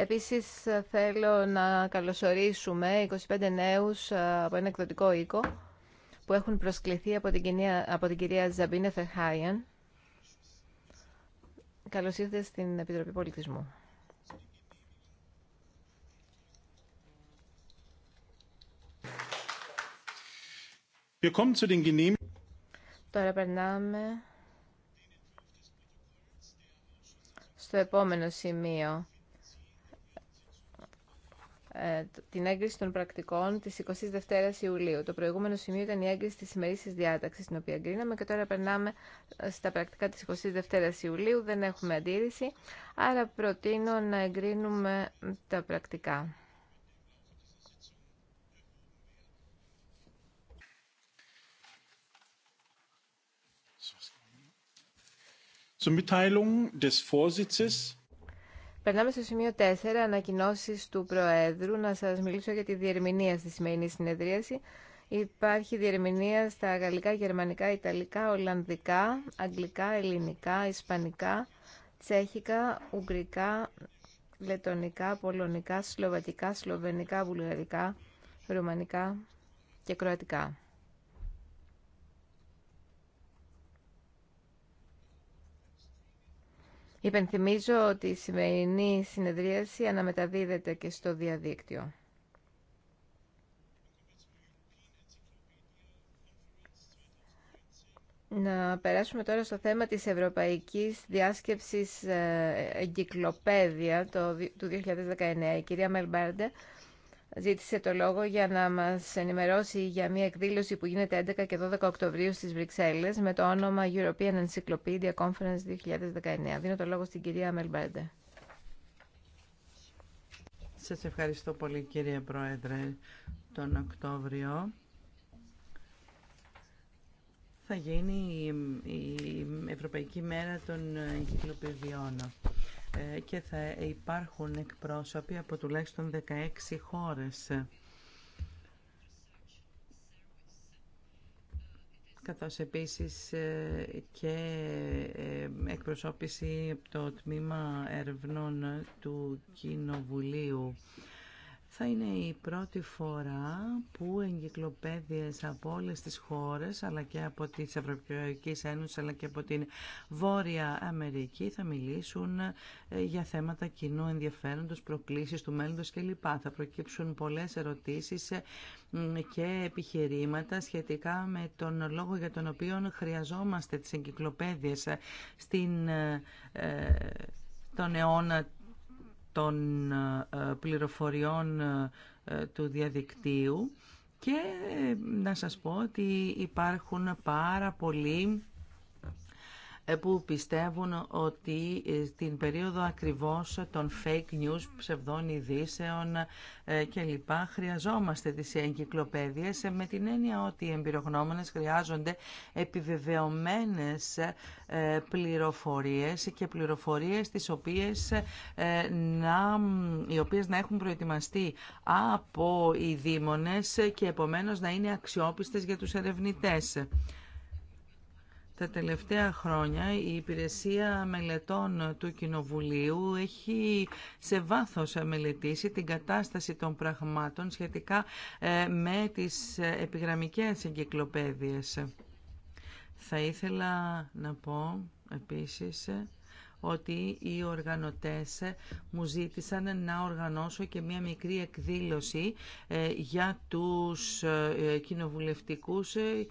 Επίσης θέλω να καλωσορίσουμε 25 νέους ε, από ένα εκδοτικό οίκο που έχουν προσκληθεί από την, κυρία, από την κυρία Ζαμπίνε Φεχάιεν. Καλώς ήρθατε στην Επιτροπή Πολιτισμού. Τώρα περνάμε στο επόμενο σημείο ε, την έγκριση των πρακτικών της 22ης Ιουλίου. Το προηγούμενο σημείο ήταν η έγκριση της ημερήσιας διάταξης, την οποία εγκρίναμε και τώρα περνάμε ε, στα πρακτικά της 22ης Ιουλίου. Δεν έχουμε αντίρρηση, άρα προτείνω να εγκρίνουμε τα πρακτικά. des Vorsitzes Περνάμε στο σημείο 4, ανακοινώσει του Προέδρου. Να σα μιλήσω για τη διερμηνία στη σημερινή συνεδρίαση. Υπάρχει διερμηνία στα γαλλικά, γερμανικά, ιταλικά, ολλανδικά, αγγλικά, ελληνικά, ισπανικά, τσέχικα, ουγγρικά, λετονικά, πολωνικά, σλοβακικά, σλοβενικά, βουλγαρικά, ρουμανικά και κροατικά. Υπενθυμίζω ότι η σημερινή συνεδρίαση αναμεταδίδεται και στο διαδίκτυο. Να περάσουμε τώρα στο θέμα της Ευρωπαϊκής Διάσκεψης ε, Εγκυκλοπαίδεια του 2019. Η κυρία Μελμπέρντε ζήτησε το λόγο για να μας ενημερώσει για μια εκδήλωση που γίνεται 11 και 12 Οκτωβρίου στις Βρυξέλλες με το όνομα European Encyclopedia Conference 2019. Δίνω το λόγο στην κυρία Μελμπέντε. Σας ευχαριστώ πολύ κύριε Πρόεδρε. Τον Οκτώβριο θα γίνει η Ευρωπαϊκή Μέρα των Εγκυκλοπηδιών. Ε, και θα υπάρχουν εκπρόσωποι από τουλάχιστον 16 χώρες. καθώς επίσης ε, και ε, εκπροσώπηση από το Τμήμα Ερευνών του Κοινοβουλίου θα είναι η πρώτη φορά που εγκυκλοπαίδειες από όλες τις χώρες αλλά και από τις Ευρωπαϊκές Ένωση, αλλά και από την Βόρεια Αμερική θα μιλήσουν ε, για θέματα κοινού ενδιαφέροντος, προκλήσεις του μέλλοντος κλπ. Θα προκύψουν πολλές ερωτήσεις ε, και επιχειρήματα σχετικά με τον λόγο για τον οποίο χρειαζόμαστε τις εγκυκλοπαίδειες ε, στην, τον αιώνα των ε, πληροφοριών ε, του διαδικτύου και να σας πω ότι υπάρχουν πάρα πολλοί ε, που πιστεύουν ότι ε, στην περίοδο ακριβώς των fake news, ψευδών ειδήσεων ε, κλπ. χρειαζόμαστε τις εγκυκλοπαίδειες με την έννοια ότι οι εμπειρογνώμονες χρειάζονται επιβεβαιωμένες πληροφορίες και πληροφορίες τις οποίες να, οι οποίες να έχουν προετοιμαστεί από οι δήμονες και επομένως να είναι αξιόπιστες για τους ερευνητές. Τα τελευταία χρόνια η Υπηρεσία Μελετών του Κοινοβουλίου έχει σε βάθος μελετήσει την κατάσταση των πραγμάτων σχετικά ε, με τις επιγραμμικές εγκυκλοπαίδειες. Θα ήθελα να πω επίσης ότι οι οργανωτές μου ζήτησαν να οργανώσω και μία μικρή εκδήλωση ε, για τους ε, κοινοβουλευτικούς ε,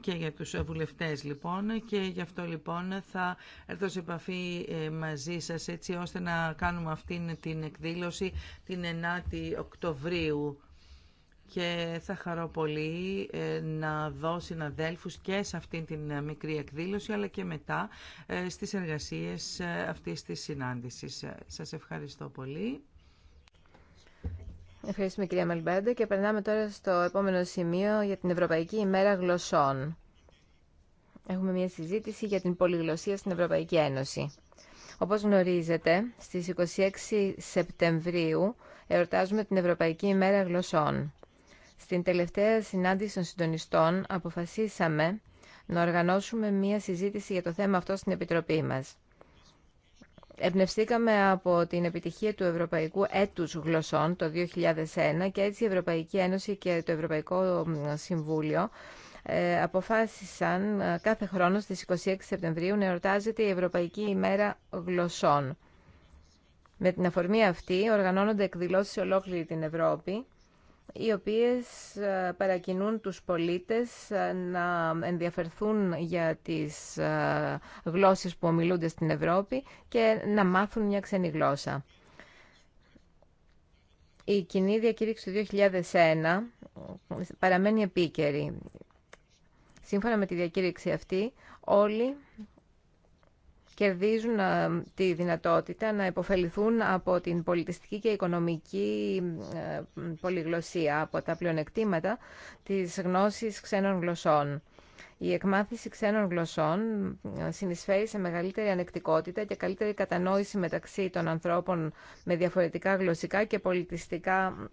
και για τους βουλευτές λοιπόν και γι' αυτό λοιπόν θα έρθω σε επαφή μαζί σας έτσι ώστε να κάνουμε αυτήν την εκδήλωση την 9η Οκτωβρίου και θα χαρώ πολύ ε, να δω συναδέλφους και σε αυτήν την ε, μικρή εκδήλωση αλλά και μετά ε, στις εργασίες αυτής της συνάντησης. Σας ευχαριστώ πολύ. Ευχαριστούμε κυρία Μελμπέντε και περνάμε τώρα στο επόμενο σημείο για την Ευρωπαϊκή ημέρα γλωσσών. Έχουμε μια συζήτηση για την πολυγλωσσία στην Ευρωπαϊκή Ένωση. Όπως γνωρίζετε, στις 26 Σεπτεμβρίου εορτάζουμε την Ευρωπαϊκή ημέρα γλωσσών. Στην τελευταία συνάντηση των συντονιστών αποφασίσαμε να οργανώσουμε μία συζήτηση για το θέμα αυτό στην Επιτροπή μας. Εμπνευστήκαμε από την επιτυχία του Ευρωπαϊκού Έτους Γλωσσών το 2001 και έτσι η Ευρωπαϊκή Ένωση και το Ευρωπαϊκό Συμβούλιο ε, αποφάσισαν ε, κάθε χρόνο στις 26 Σεπτεμβρίου να εορτάζεται η Ευρωπαϊκή ημέρα γλωσσών. Με την αφορμή αυτή οργανώνονται εκδηλώσεις σε ολόκληρη την Ευρώπη οι οποίες ε, παρακινούν τους πολίτες ε, να ενδιαφερθούν για τις ε, γλώσσες που ομιλούνται στην Ευρώπη και να μάθουν μια ξένη γλώσσα. Η κοινή διακήρυξη του 2001 παραμένει επίκαιρη. Σύμφωνα με τη διακήρυξη αυτή, όλοι κερδίζουν ε, τη δυνατότητα να υποφεληθούν από την πολιτιστική και οικονομική ε, πολυγλωσία, από τα πλεονεκτήματα της γνώσης ξένων γλωσσών. Η εκμάθηση ξένων γλωσσών ε, συνεισφέρει σε μεγαλύτερη ανεκτικότητα και καλύτερη κατανόηση μεταξύ των ανθρώπων με διαφορετικά γλωσσικά και πολιτιστικά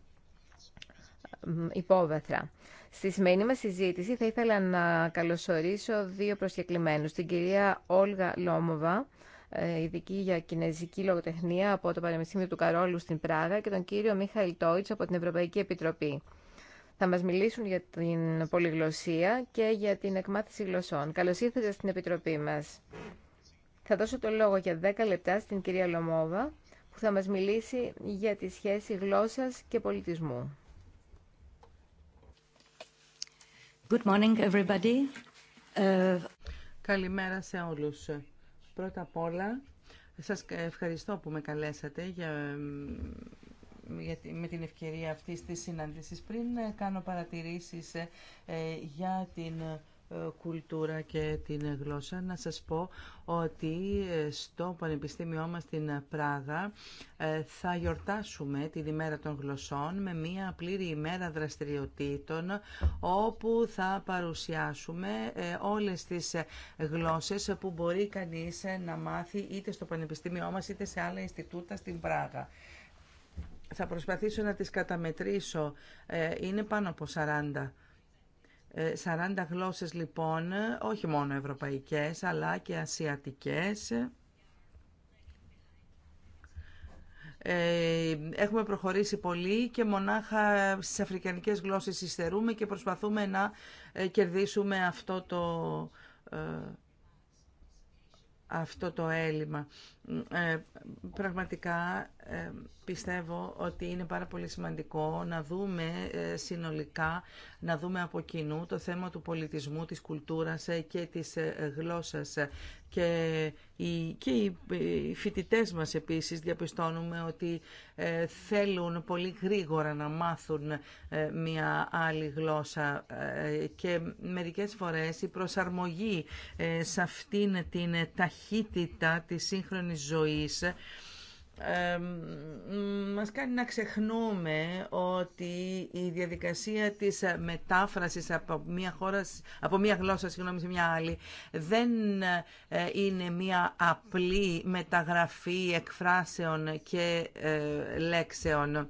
υπόβαθρα. Στη σημερινή μα συζήτηση θα ήθελα να καλωσορίσω δύο προσκεκλημένους. Την κυρία Όλγα Λόμοβα, ε, ειδική για κινέζικη λογοτεχνία από το Πανεπιστήμιο του Καρόλου στην Πράγα και τον κύριο Μίχαηλ Τόιτς από την Ευρωπαϊκή Επιτροπή. Θα μας μιλήσουν για την πολυγλωσία και για την εκμάθηση γλωσσών. Καλώς ήρθατε στην Επιτροπή μας. Θα δώσω το λόγο για 10 λεπτά στην κυρία Λομόβα που θα μας μιλήσει για τη σχέση γλώσσας και πολιτισμού. Good morning ε, Καλημέρα σε όλους. Πρώτα απ' όλα, σας ευχαριστώ που με καλέσατε για, για, με την ευκαιρία αυτής της συνάντησης. Πριν κάνω παρατηρήσεις ε, για την ε, κουλτούρα και την γλώσσα. Να σας πω ότι ε, στο Πανεπιστήμιό μας στην Πράγα ε, θα γιορτάσουμε την ημέρα των γλωσσών με μια πλήρη ημέρα δραστηριοτήτων όπου θα παρουσιάσουμε όλες τις γλώσσες που μπορεί κανείς να μάθει είτε στο Πανεπιστήμιό μας είτε σε άλλα Ινστιτούτα στην Πράγα. Θα προσπαθήσω να τις καταμετρήσω. Είναι πάνω από 40 40 ε, γλώσσες λοιπόν, όχι μόνο ευρωπαϊκές αλλά και ασιατικές. Ε, έχουμε προχωρήσει πολύ και μονάχα στις αφρικανικές γλώσσες υστερούμε και προσπαθούμε να ε, κερδίσουμε αυτό το, αυτό το έλλειμμα. Ε, πραγματικά ε, πιστεύω ότι είναι πάρα πολύ σημαντικό να δούμε ε, συνολικά, να δούμε από κοινού το θέμα του πολιτισμού, της κουλτούρας και της γλώσσας. Και οι, και οι φοιτητές μας επίσης διαπιστώνουμε ότι θέλουν πολύ γρήγορα να μάθουν μια άλλη γλώσσα και μερικές φορές η προσαρμογή σε αυτήν την ταχύτητα της σύγχρονης ζωής μας κάνει να ξεχνούμε ότι η διαδικασία της μετάφρασης από μια, χώρα, από μια γλώσσα συγγνώμη, σε μια άλλη δεν ε, είναι μια απλή μεταγραφή εκφράσεων και ε, λέξεων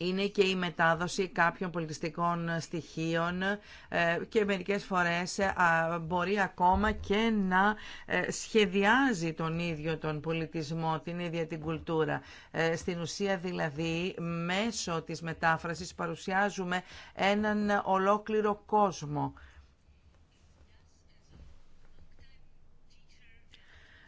είναι και η μετάδοση κάποιων πολιτιστικών στοιχείων ε, και μερικές φορές ε, μπορεί ακόμα και να ε, σχεδιάζει τον ίδιο τον πολιτισμό, την ίδια την κουλτούρα. Στην ουσία δηλαδή μέσω της μετάφρασης παρουσιάζουμε έναν ολόκληρο κόσμο.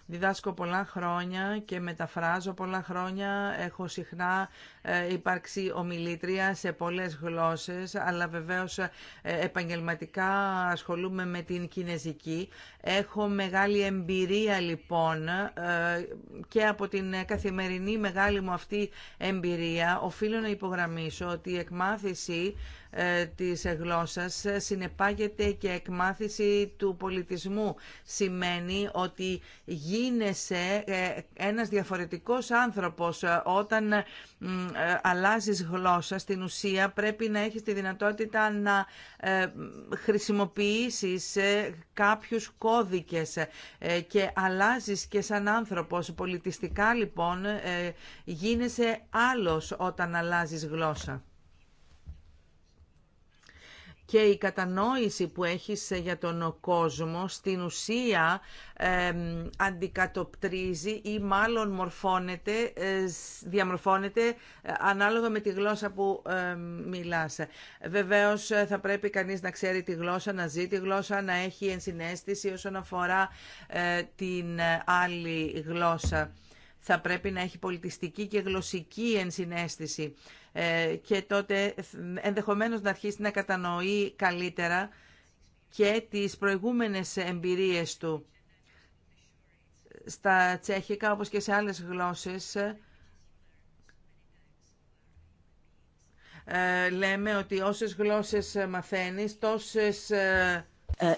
Διδάσκω πολλά χρόνια και μεταφράζω πολλά χρόνια. Έχω συχνά ε, υπάρξει ομιλήτρια σε πολλές γλώσσες, αλλά βεβαίως ε, επαγγελματικά ασχολούμαι με την κινέζικη. Έχω μεγάλη εμπειρία λοιπόν ε, και από την καθημερινή μεγάλη μου αυτή εμπειρία οφείλω να υπογραμμίσω ότι η εκμάθηση της γλώσσας συνεπάγεται και εκμάθηση του πολιτισμού. Σημαίνει ότι γίνεσαι ένας διαφορετικός άνθρωπος όταν ε, αλλάζεις γλώσσα, στην ουσία πρέπει να έχεις τη δυνατότητα να ε, χρησιμοποιήσεις ε, κάποιους κώδικες και αλλάζεις και σαν άνθρωπος. Πολιτιστικά λοιπόν γίνεσαι άλλος όταν αλλάζεις γλώσσα και η κατανόηση που έχεις ε, για τον κόσμο στην ουσία αντικατοπτρίζει ή μάλλον μορφώνεται, ε, διαμορφώνεται ε, ανάλογα με τη γλώσσα που ε, μιλάς. Βεβαίως θα πρέπει κανείς να ξέρει τη γλώσσα, να ζει τη γλώσσα, να έχει ενσυναίσθηση όσον αφορά την άλλη γλώσσα. Θα πρέπει να έχει πολιτιστική και γλωσσική ενσυναίσθηση. Ε, και τότε ενδεχομένως να αρχίσει να κατανοεί καλύτερα και τις προηγούμενες εμπειρίες του. Στα τσέχικα, όπως και σε άλλες γλώσσες, ε, λέμε ότι όσες γλώσσες μαθαίνεις, τόσες... Ε,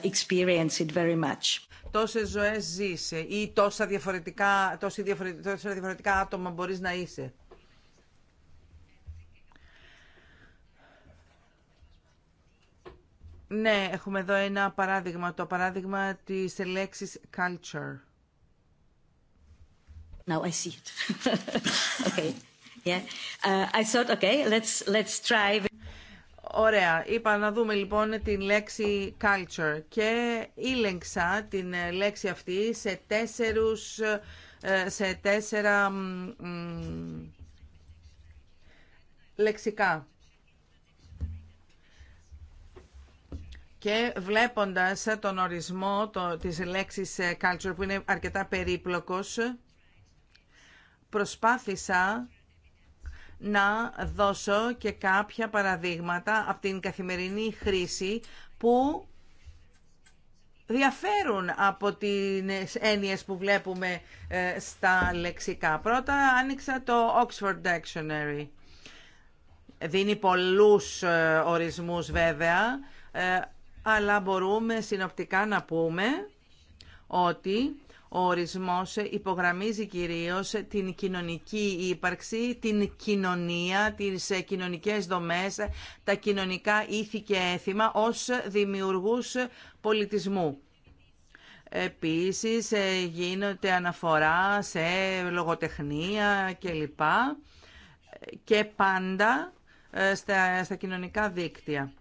experience it very much. Τόσες ζωές ζεις ή τόσα διαφορετικά, τόσα διαφορετικά άτομα μπορείς να είσαι. Ναι, έχουμε εδώ ένα παράδειγμα, το παράδειγμα της λέξης culture. Now I see it. okay. Yeah. Uh, I thought, okay, let's, let's try. Ωραία. Είπα να δούμε λοιπόν την λέξη culture και ήλεγξα την ε, λέξη αυτή σε τέσσερους, ε, σε τέσσερα λεξικά. και βλέποντας τον ορισμό το, της λέξης ε, culture που είναι αρκετά περίπλοκος, προσπάθησα να δώσω και κάποια παραδείγματα από την καθημερινή χρήση που διαφέρουν από τις έννοιες που βλέπουμε ε, στα λεξικά. Πρώτα άνοιξα το Oxford Dictionary. Δίνει πολλούς ε, ορισμούς βέβαια, αλλά μπορούμε συνοπτικά να πούμε ότι ο ορισμός υπογραμμίζει κυρίως την κοινωνική ύπαρξη, την κοινωνία, τις κοινωνικές δομές, τα κοινωνικά ήθη και έθιμα ως δημιουργούς πολιτισμού. Επίσης ε, γίνεται αναφορά σε λογοτεχνία κλπ. Και πάντα ε, στα κοινωνικά δίκτυα.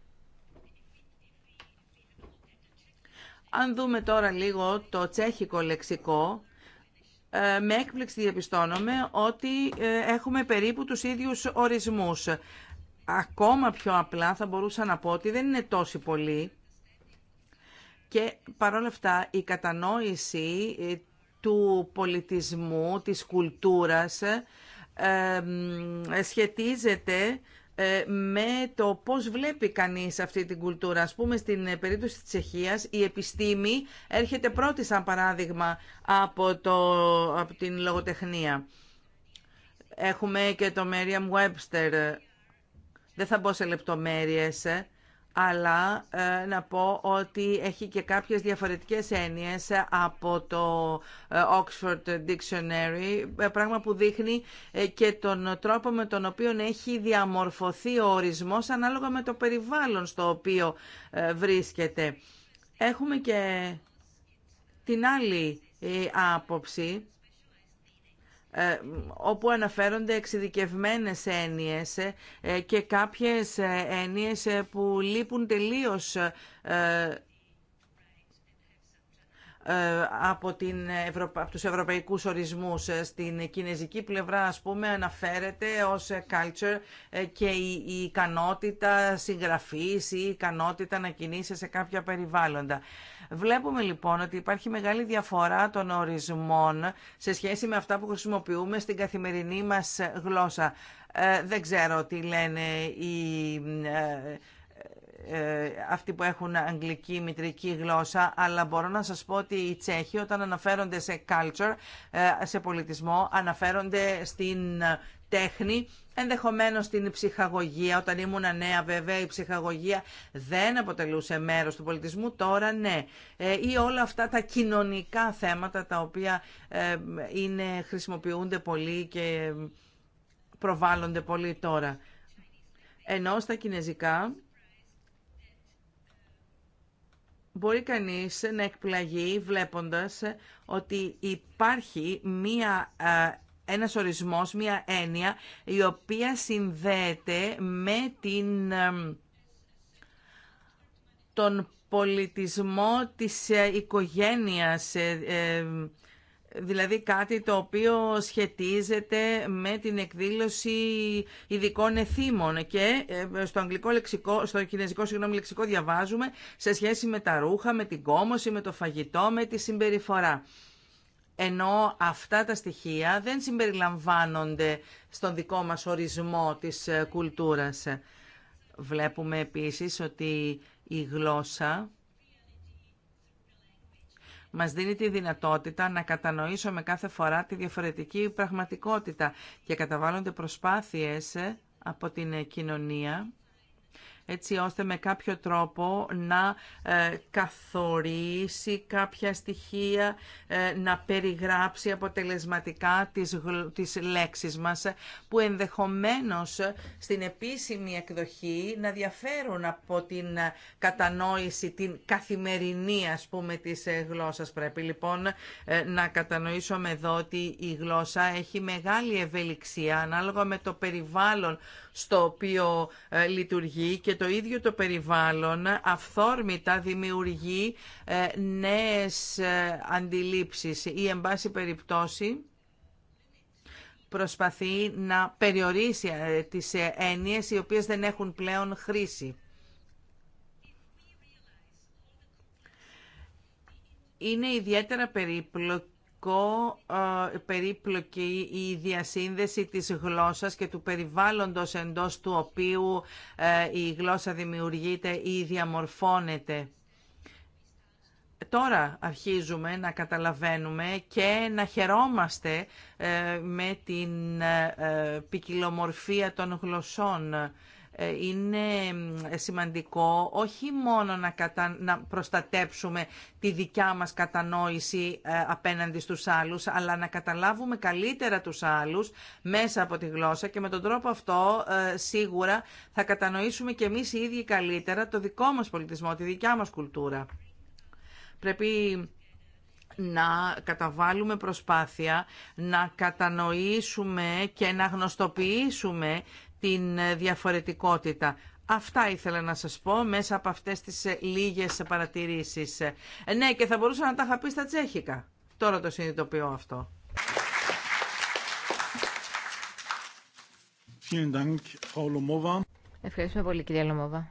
Αν δούμε τώρα λίγο το τσέχικο λεξικό, ε, με έκπληξη διαπιστώνομαι ότι ε, έχουμε περίπου τους ίδιους ορισμούς. Ακόμα πιο απλά θα μπορούσα να πω ότι δεν είναι τόσοι πολλοί και παρόλα αυτά η κατανόηση ε, του πολιτισμού, της κουλτούρας σχετίζεται ε, με το πώς βλέπει κανείς αυτή την κουλτούρα. Ας πούμε στην ε, περίπτωση της Τσεχίας η επιστήμη έρχεται πρώτη σαν παράδειγμα από, το, από την λογοτεχνία. Έχουμε και το Merriam Webster. Δεν θα μπω σε λεπτομέρειες ε αλλά ε, να πω ότι έχει και κάποιες διαφορετικές έννοιες από το ε, Oxford Dictionary, ε, πράγμα που δείχνει και τον τρόπο με τον οποίο έχει διαμορφωθεί ο ορισμός ανάλογα με το περιβάλλον στο οποίο βρίσκεται. Έχουμε και την άλλη άποψη ε, όπου αναφέρονται εξειδικευμένες έννοιες ε, και κάποιες ε, έννοιες που λείπουν τελείως από, την Ευρωπα... από τους ευρωπαϊκούς ορισμούς. Στην κινέζικη πλευρά, ας πούμε, αναφέρεται ως culture και η, ικανότητα συγγραφής ή η ικανότητα να κινείσαι σε κάποια περιβάλλοντα. Βλέπουμε λοιπόν ότι υπάρχει μεγάλη διαφορά των ορισμών σε σχέση με αυτά που χρησιμοποιούμε στην καθημερινή μας γλώσσα. Ε, δεν ξέρω τι λένε οι... Ε, ε αυτοί που έχουν αγγλική μητρική γλώσσα, αλλά μπορώ να σας πω ότι οι Τσέχοι όταν αναφέρονται σε culture, ε, σε πολιτισμό, αναφέρονται στην τέχνη, ενδεχομένως την ψυχαγωγία. Όταν ήμουν νέα βέβαια η ψυχαγωγία δεν αποτελούσε μέρος του πολιτισμού, τώρα ναι. Ε, ή όλα αυτά τα κοινωνικά θέματα τα οποία ε, είναι, χρησιμοποιούνται πολύ και προβάλλονται πολύ τώρα. Ενώ στα κινέζικα μπορεί κανείς να εκπλαγεί βλέποντας ότι υπάρχει μία ε, ένας ορισμός, μια έννοια η οποία συνδέεται με την, τον πολιτισμό της ε, οικογένειας, ε, ε, δηλαδή κάτι το οποίο σχετίζεται με την εκδήλωση ειδικών εθήμων και στο, αγγλικό λεξικό, στο κινέζικο συγγνώμη, λεξικό διαβάζουμε σε σχέση με τα ρούχα, με την κόμωση, με το φαγητό, με τη συμπεριφορά ενώ αυτά τα στοιχεία δεν συμπεριλαμβάνονται στον δικό μας ορισμό της ε, κουλτούρας. Βλέπουμε επίσης ότι η γλώσσα μας δίνει τη δυνατότητα να κατανοήσουμε κάθε φορά τη διαφορετική πραγματικότητα και καταβάλλονται προσπάθειες ε, από την ε, κοινωνία έτσι ώστε με κάποιο τρόπο να ε, καθορίσει κάποια στοιχεία, ε, να περιγράψει αποτελεσματικά τις, τις λέξεις μας, που ενδεχομένως στην επίσημη εκδοχή να διαφέρουν από την κατανόηση, την καθημερινή ας πούμε της ε, γλώσσας. Πρέπει λοιπόν να κατανοήσουμε εδώ ότι η γλώσσα έχει μεγάλη ευελιξία ανάλογα με το περιβάλλον στο οποίο λειτουργεί το ίδιο το περιβάλλον αυθόρμητα δημιουργεί ε, νέες ε, αντιλήψεις ή, εν πάση περιπτώσει, προσπαθεί να περιορίσει ε, τις έννοιες οι οποίες δεν έχουν πλέον χρήση. Είναι ιδιαίτερα περίπλοκη ε, περίπλοκη η διασύνδεση της γλώσσας και του περιβάλλοντος εντός του οποίου ε, η γλώσσα δημιουργείται ή διαμορφώνεται. Τώρα αρχίζουμε να καταλαβαίνουμε και να χαιρόμαστε ε, με την ποικιλομορφία των γλωσσών ε, είναι σημαντικό όχι μόνο να, προστατέψουμε τη δικιά μας κατανόηση ε, απέναντι στους άλλους, αλλά να καταλάβουμε καλύτερα τους άλλους μέσα από τη γλώσσα και με τον τρόπο αυτό ε, σίγουρα θα κατανοήσουμε και εμείς οι ίδιοι καλύτερα το δικό μας πολιτισμό, τη δικιά μας κουλτούρα. Πρέπει να καταβάλουμε προσπάθεια να κατανοήσουμε και να γνωστοποιήσουμε την ε, διαφορετικότητα. Αυτά ήθελα να σας πω μέσα από αυτές τις ε, λίγες παρατηρήσεις. Ε, ναι, και θα μπορούσα να τα είχα πει στα τσέχικα. Τώρα το συνειδητοποιώ αυτό. Ευχαριστούμε πολύ κυρία Λομόβα.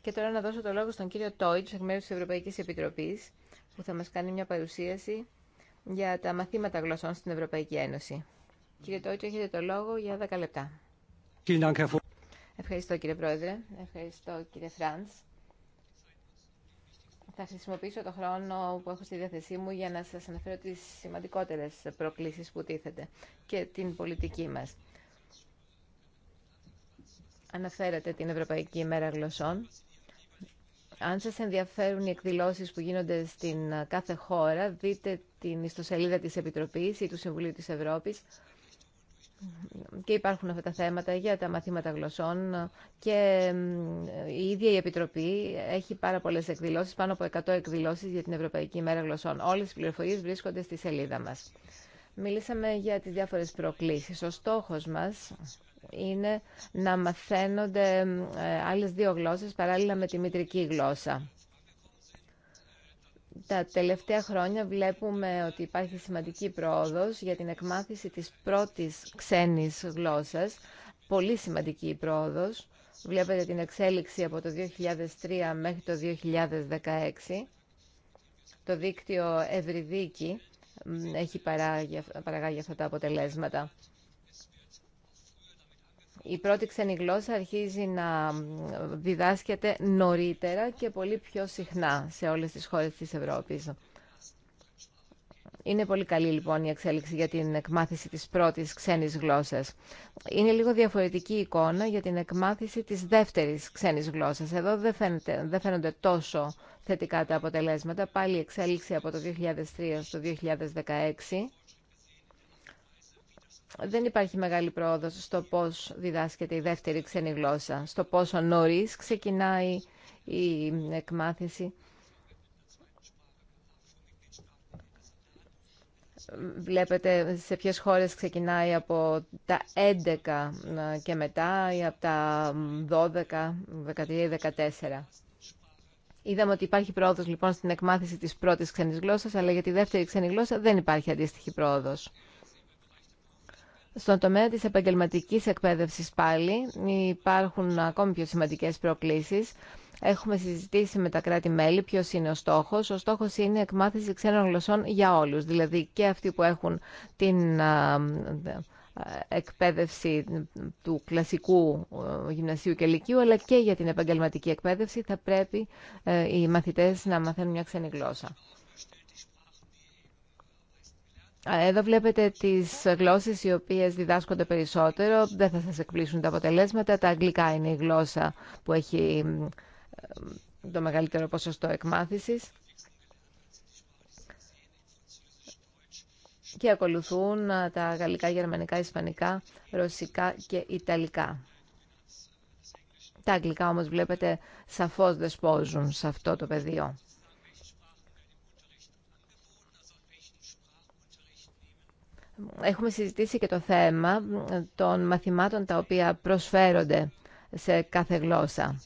Και τώρα να δώσω το λόγο στον κύριο Τόιτς, εκ μέρους της Ευρωπαϊκής Επιτροπής, που θα μας κάνει μια παρουσίαση για τα μαθήματα γλωσσών στην Ευρωπαϊκή Ένωση. Κύριε Τότσο, έχετε το λόγο για 10 λεπτά. Ευχαριστώ κύριε Πρόεδρε. Ευχαριστώ κύριε Φραντς. Θα χρησιμοποιήσω το χρόνο που έχω στη διάθεσή μου για να σας αναφέρω τις σημαντικότερες προκλήσεις που τίθεται και την πολιτική μας. Αναφέρατε την Ευρωπαϊκή Μέρα γλωσσών. Αν σας ενδιαφέρουν οι εκδηλώσεις που γίνονται στην κάθε χώρα, δείτε την ιστοσελίδα της Επιτροπής ή του Συμβουλίου της Ευρώπης και υπάρχουν αυτά τα θέματα για τα μαθήματα γλωσσών και η ίδια η Επιτροπή έχει πάρα πολλές εκδηλώσεις, πάνω από 100 εκδηλώσεις για την Ευρωπαϊκή μέρα γλωσσών. Όλες οι πληροφορίες βρίσκονται στη σελίδα μας. Μιλήσαμε για τις διάφορες προκλήσεις. Ο στόχος μας είναι να μαθαίνονται ε, άλλες δύο γλώσσες παράλληλα με τη μητρική γλώσσα τα τελευταία χρόνια βλέπουμε ότι υπάρχει σημαντική πρόοδος για την εκμάθηση της πρώτης ξένης γλώσσας, πολύ σημαντική η πρόοδος. Βλέπετε την εξέλιξη από το 2003 μέχρι το 2016. Το δίκτυο Ευρυδίκη έχει παράγει αυτά τα αποτελέσματα η πρώτη ξένη γλώσσα αρχίζει να διδάσκεται νωρίτερα και πολύ πιο συχνά σε όλες τις χώρες της Ευρώπης. Είναι πολύ καλή λοιπόν η εξέλιξη για την εκμάθηση της πρώτης ξένης γλώσσας. Είναι λίγο διαφορετική η εικόνα για την εκμάθηση της δεύτερης ξένης γλώσσας. Εδώ δεν, δεν φαίνονται τόσο θετικά τα αποτελέσματα. Πάλι η εξέλιξη από το 2003 στο 2016 δεν υπάρχει μεγάλη πρόοδος στο πώς διδάσκεται η δεύτερη ξένη γλώσσα, στο πόσο νωρίς ξεκινάει η εκμάθηση. Βλέπετε σε ποιες χώρες ξεκινάει από τα 11 ε, και μετά ή από τα 12, 13, 14. Είδαμε ότι υπάρχει πρόοδος λοιπόν στην εκμάθηση της πρώτης ξένης γλώσσας, αλλά για τη δεύτερη ξένη γλώσσα δεν υπάρχει αντίστοιχη πρόοδος. Στον τομέα της επαγγελματικής εκπαίδευσης πάλι υπάρχουν ακόμη πιο σημαντικές προκλήσεις. Έχουμε συζητήσει με τα κράτη-μέλη ποιο είναι ο στόχο. Ο στόχο είναι η εκμάθηση ξένων γλωσσών για όλου. Δηλαδή και αυτοί που έχουν την ε, εκπαίδευση του κλασικού ε, γυμνασίου και λυκείου, αλλά και για την επαγγελματική εκπαίδευση θα πρέπει ε, οι μαθητές να μαθαίνουν μια ξένη γλώσσα. Εδώ βλέπετε τις γλώσσες οι οποίες διδάσκονται περισσότερο. Δεν θα σας εκπλήσουν τα αποτελέσματα. Τα αγγλικά είναι η γλώσσα που έχει ε, το μεγαλύτερο ποσοστό εκμάθησης. Και ακολουθούν τα γαλλικά, γερμανικά, ισπανικά, ρωσικά και ιταλικά. Τα αγγλικά όμως βλέπετε σαφώς δεσπόζουν σε αυτό το πεδίο. Έχουμε συζητήσει και το θέμα των μαθημάτων τα οποία προσφέρονται σε κάθε γλώσσα.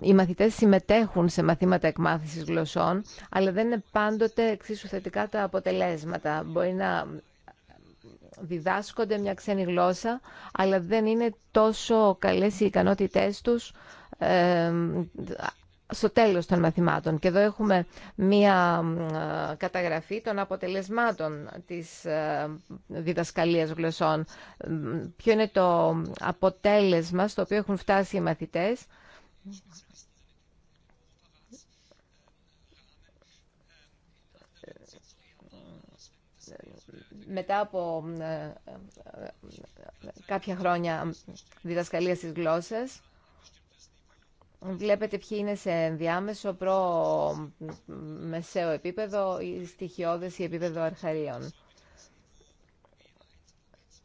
Οι μαθητές συμμετέχουν σε μαθήματα εκμάθησης γλωσσών, αλλά δεν είναι πάντοτε εξίσου θετικά τα αποτελέσματα. Μπορεί να διδάσκονται μια ξένη γλώσσα, αλλά δεν είναι τόσο καλές οι ικανότητές τους ε, στο τέλος των μαθημάτων. Και εδώ έχουμε μία ε, καταγραφή των αποτελεσμάτων της ε, διδασκαλίας γλωσσών. Ποιο είναι το αποτέλεσμα στο οποίο έχουν φτάσει οι μαθητές μετά από ε, κάποια χρόνια διδασκαλίας της γλώσσας. Βλέπετε ποιοι είναι σε ενδιάμεσο, προ μεσαίο επίπεδο ή στοιχειώδες ή επίπεδο αρχαρίων.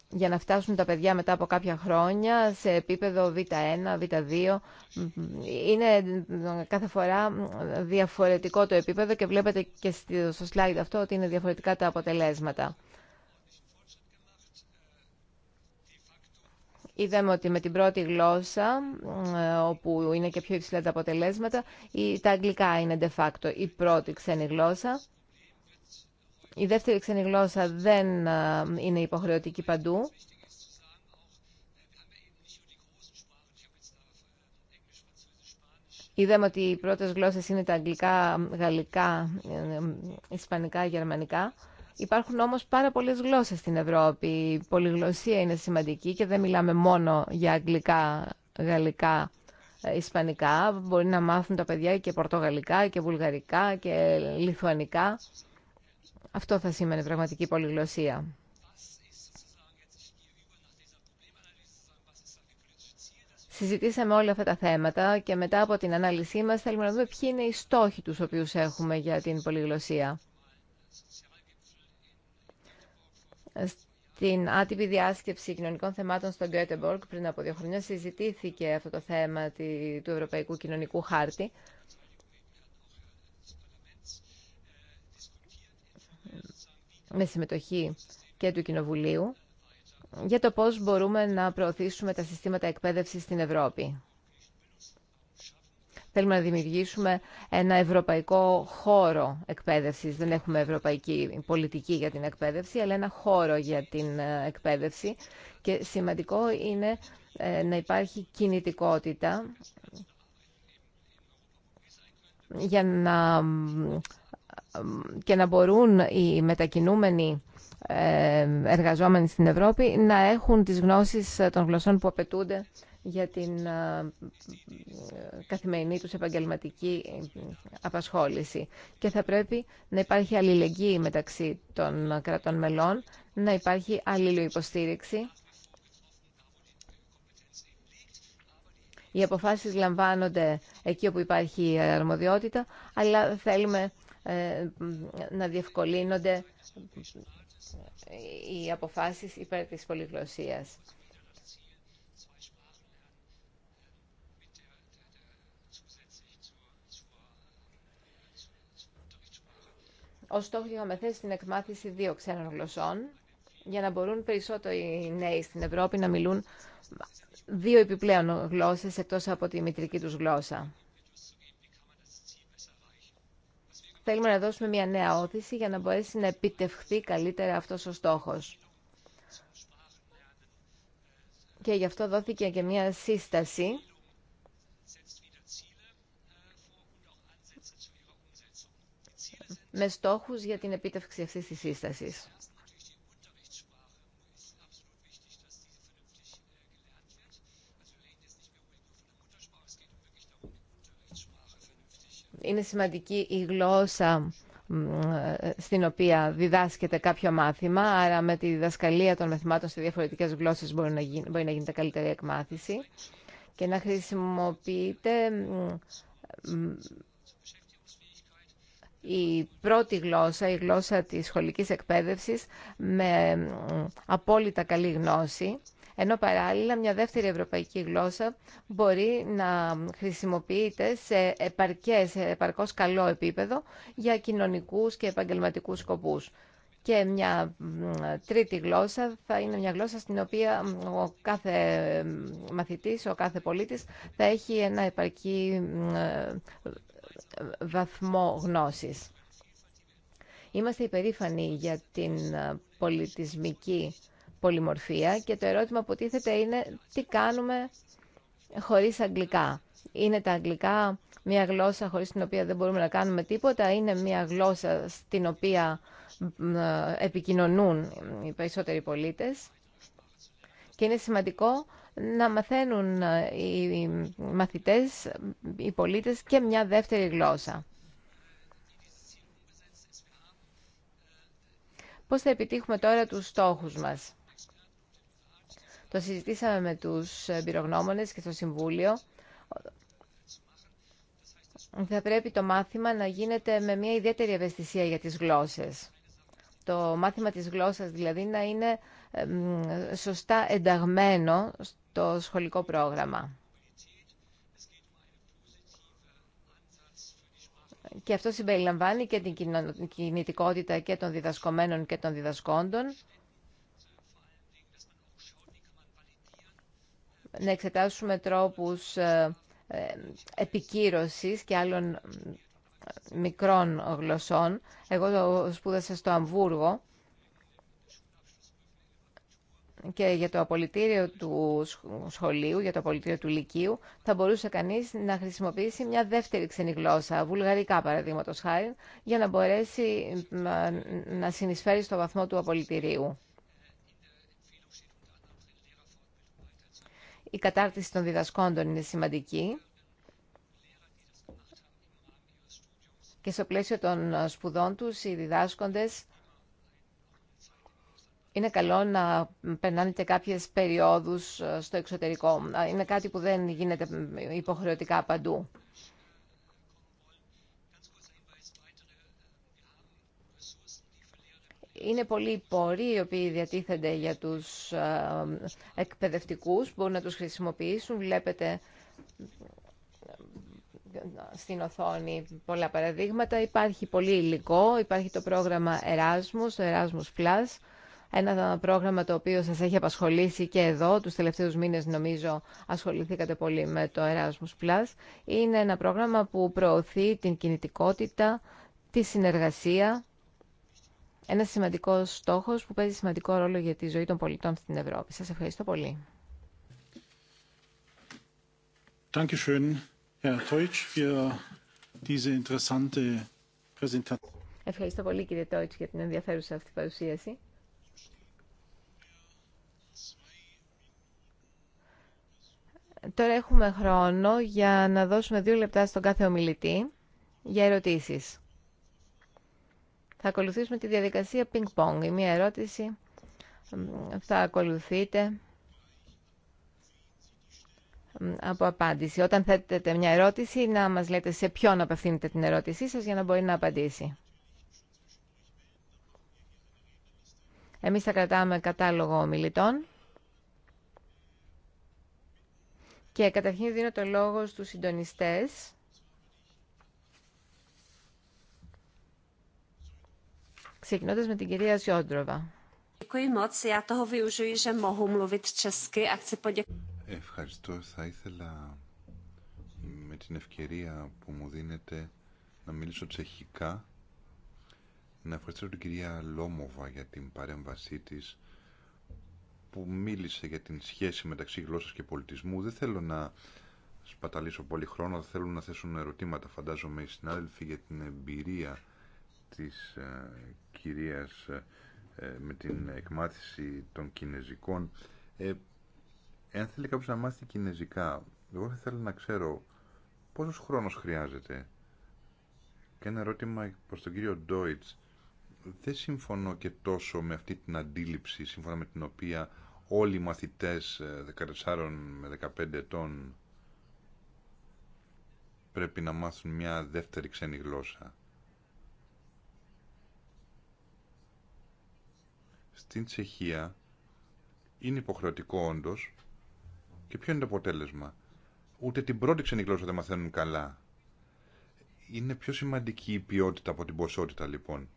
Για να φτάσουν τα παιδιά μετά από κάποια χρόνια σε επίπεδο Β1, Β2. Είναι κάθε φορά διαφορετικό το επίπεδο και βλέπετε και στο slide αυτό ότι είναι διαφορετικά τα αποτελέσματα. Είδαμε ότι με την πρώτη γλώσσα, ε, όπου είναι και πιο υψηλά τα αποτελέσματα, τα αγγλικά είναι de facto η πρώτη ξένη γλώσσα. Η δεύτερη ξένη γλώσσα δεν ε, είναι υποχρεωτική παντού. Είδαμε ότι οι πρώτες γλώσσες είναι τα αγγλικά, γαλλικά, ε, ισπανικά, γερμανικά. Υπάρχουν όμως πάρα πολλές γλώσσες στην Ευρώπη. Η πολυγλωσσία είναι σημαντική και δεν μιλάμε μόνο για αγγλικά, γαλλικά, ε, ισπανικά. Μπορεί να μάθουν τα παιδιά και πορτογαλικά και βουλγαρικά και λιθουανικά. Αυτό θα σήμαινε πραγματική πολυγλωσσία. Συζητήσαμε όλα αυτά τα θέματα και μετά από την ανάλυση μας θέλουμε να δούμε ποιοι είναι οι στόχοι τους οποίους έχουμε για την πολυγλωσία. Στην άτυπη διάσκεψη κοινωνικών θεμάτων στο Γκέτεμπορκ πριν από δύο χρόνια συζητήθηκε αυτό το θέμα του Ευρωπαϊκού Κοινωνικού Χάρτη. με συμμετοχή και του Κοινοβουλίου για το πώς μπορούμε να προωθήσουμε τα συστήματα εκπαίδευσης στην Ευρώπη. Θέλουμε να δημιουργήσουμε ένα ευρωπαϊκό χώρο εκπαίδευση. Δεν έχουμε ευρωπαϊκή πολιτική για την εκπαίδευση, αλλά ένα χώρο για την ε, εκπαίδευση. Και σημαντικό είναι ε, να υπάρχει κινητικότητα για να ε, και να μπορούν οι μετακινούμενοι εργαζόμενοι στην Ευρώπη να έχουν τις γνώσεις των γλωσσών που απαιτούνται για την ε, καθημερινή τους επαγγελματική απασχόληση. Και θα πρέπει να υπάρχει αλληλεγγύη μεταξύ των κρατών μελών, να υπάρχει αλληλοϊποστήριξη. Οι αποφάσεις λαμβάνονται εκεί όπου υπάρχει αρμοδιότητα, αλλά θέλουμε ε, να διευκολύνονται οι αποφάσεις υπέρ της πολυγλωσσίας. ως στόχο είχαμε θέσει την εκμάθηση δύο ξένων γλωσσών για να μπορούν περισσότερο οι νέοι στην Ευρώπη να μιλούν δύο επιπλέον γλώσσες εκτός από τη μητρική τους γλώσσα. Θέλουμε να δώσουμε μια νέα όθηση για να μπορέσει να επιτευχθεί καλύτερα αυτός ο στόχος. Και γι' αυτό δόθηκε και μια σύσταση με στόχους για την επίτευξη αυτής της σύστασης. Είναι σημαντική η γλώσσα στην οποία διδάσκεται κάποιο μάθημα, άρα με τη διδασκαλία των μαθημάτων σε διαφορετικές γλώσσες μπορεί να, γίνει, μπορεί να γίνεται καλύτερη εκμάθηση και να χρησιμοποιείται η πρώτη γλώσσα, η γλώσσα της σχολικής εκπαίδευσης με απόλυτα καλή γνώση, ενώ παράλληλα μια δεύτερη ευρωπαϊκή γλώσσα μπορεί να χρησιμοποιείται σε επαρκές, επαρκώς καλό επίπεδο για κοινωνικούς και επαγγελματικούς σκοπούς. Και μια τρίτη γλώσσα θα είναι μια γλώσσα στην οποία ο κάθε μαθητής, ο κάθε πολίτης θα έχει ένα επαρκή βαθμό γνώσης. Είμαστε υπερήφανοι για την ε, πολιτισμική πολυμορφία και το ερώτημα που τίθεται είναι τι κάνουμε χωρίς αγγλικά. Είναι τα αγγλικά μια γλώσσα χωρίς την οποία δεν μπορούμε να κάνουμε τίποτα, είναι μια γλώσσα στην οποία ε, επικοινωνούν οι περισσότεροι πολίτες και είναι σημαντικό να μαθαίνουν ε, οι μαθητές, οι πολίτες και μια δεύτερη γλώσσα. Πώς θα επιτύχουμε τώρα τους στόχους μας. Το συζητήσαμε με τους εμπειρογνώμονες και στο Συμβούλιο. Θα πρέπει το μάθημα να γίνεται με μια ιδιαίτερη ευαισθησία για τις γλώσσες. Το μάθημα της γλώσσας δηλαδή να είναι σωστά ενταγμένο στο σχολικό πρόγραμμα. Και αυτό συμπεριλαμβάνει και την κινητικότητα και των διδασκομένων και των διδασκόντων. Να εξετάσουμε τρόπους ε, ε, επικύρωσης και άλλων μικρών γλωσσών. Εγώ σπούδασα στο Αμβούργο και για το απολυτήριο του σχολείου, για το απολυτήριο του Λυκείου, θα μπορούσε κανείς να χρησιμοποιήσει μια δεύτερη ξένη γλώσσα, βουλγαρικά παραδείγματο χάρη, για να μπορέσει να συνεισφέρει στο βαθμό του απολυτηρίου. Η κατάρτιση των διδασκόντων είναι σημαντική. Και στο πλαίσιο των σπουδών τους, οι διδάσκοντες είναι καλό να περνάνε και κάποιες περιόδους ε, στο εξωτερικό. Είναι κάτι που δεν γίνεται υποχρεωτικά παντού. Είναι πολλοί πόροι οι οποίοι διατίθενται για τους ε, εκπαιδευτικούς, μπορούν να τους χρησιμοποιήσουν. Βλέπετε ε, στην οθόνη πολλά παραδείγματα. Υπάρχει πολύ υλικό, υπάρχει το πρόγραμμα Erasmus, το Erasmus Plus. Ένα πρόγραμμα το οποίο σας έχει απασχολήσει και εδώ, τους τελευταίους μήνες νομίζω ασχοληθήκατε πολύ με το Erasmus Plus. Είναι ένα πρόγραμμα που προωθεί την κινητικότητα, τη συνεργασία, ένα σημαντικό στόχος που παίζει σημαντικό ρόλο για τη ζωή των πολιτών στην Ευρώπη. Σας ευχαριστώ πολύ. Ευχαριστώ πολύ κύριε Τόιτς για την ενδιαφέρουσα αυτή παρουσίαση. Τώρα έχουμε χρόνο για να δώσουμε δύο λεπτά στον κάθε ομιλητή για ερωτήσεις. Θα ακολουθήσουμε τη διαδικασία ping-pong. Η μία ερώτηση θα ακολουθείτε από απάντηση. Όταν θέτετε μια ερώτηση, να μας λέτε σε ποιον απευθύνετε την ερώτησή σας για να μπορεί να απαντήσει. Εμείς θα κρατάμε κατάλογο ομιλητών Και καταρχήν δίνω το λόγο στους συντονιστές. Ξεκινώντας με την κυρία Ζιόντροβα. Ευχαριστώ. Θα ήθελα με την ευκαιρία που μου δίνεται να μιλήσω τσεχικά να ευχαριστήσω την κυρία Λόμοβα για την παρέμβασή της που μίλησε για την σχέση μεταξύ γλώσσας και πολιτισμού. Δεν θέλω να σπαταλήσω πολύ χρόνο, θέλω να θέσουν ερωτήματα φαντάζομαι οι συνάδελφοι για την εμπειρία της ε, κυρίας ε, ε, με την εκμάθηση των Κινέζικων. Ε, εάν θέλει κάποιος να μάθει Κινέζικα, εγώ θα ήθελα να ξέρω πόσος χρόνος χρειάζεται. Και ένα ερώτημα προς τον κύριο Ντόιτς. Δεν συμφωνώ και τόσο με αυτή την αντίληψη σύμφωνα με την οποία όλοι οι μαθητές 14 ε, με 15 ετών πρέπει να μάθουν μια δεύτερη ξένη γλώσσα. Στην Τσεχία είναι υποχρεωτικό όντω. και ποιο είναι το αποτέλεσμα. Ούτε την πρώτη ξένη γλώσσα δεν μαθαίνουν καλά. Είναι πιο σημαντική η ποιότητα από την ποσότητα λοιπόν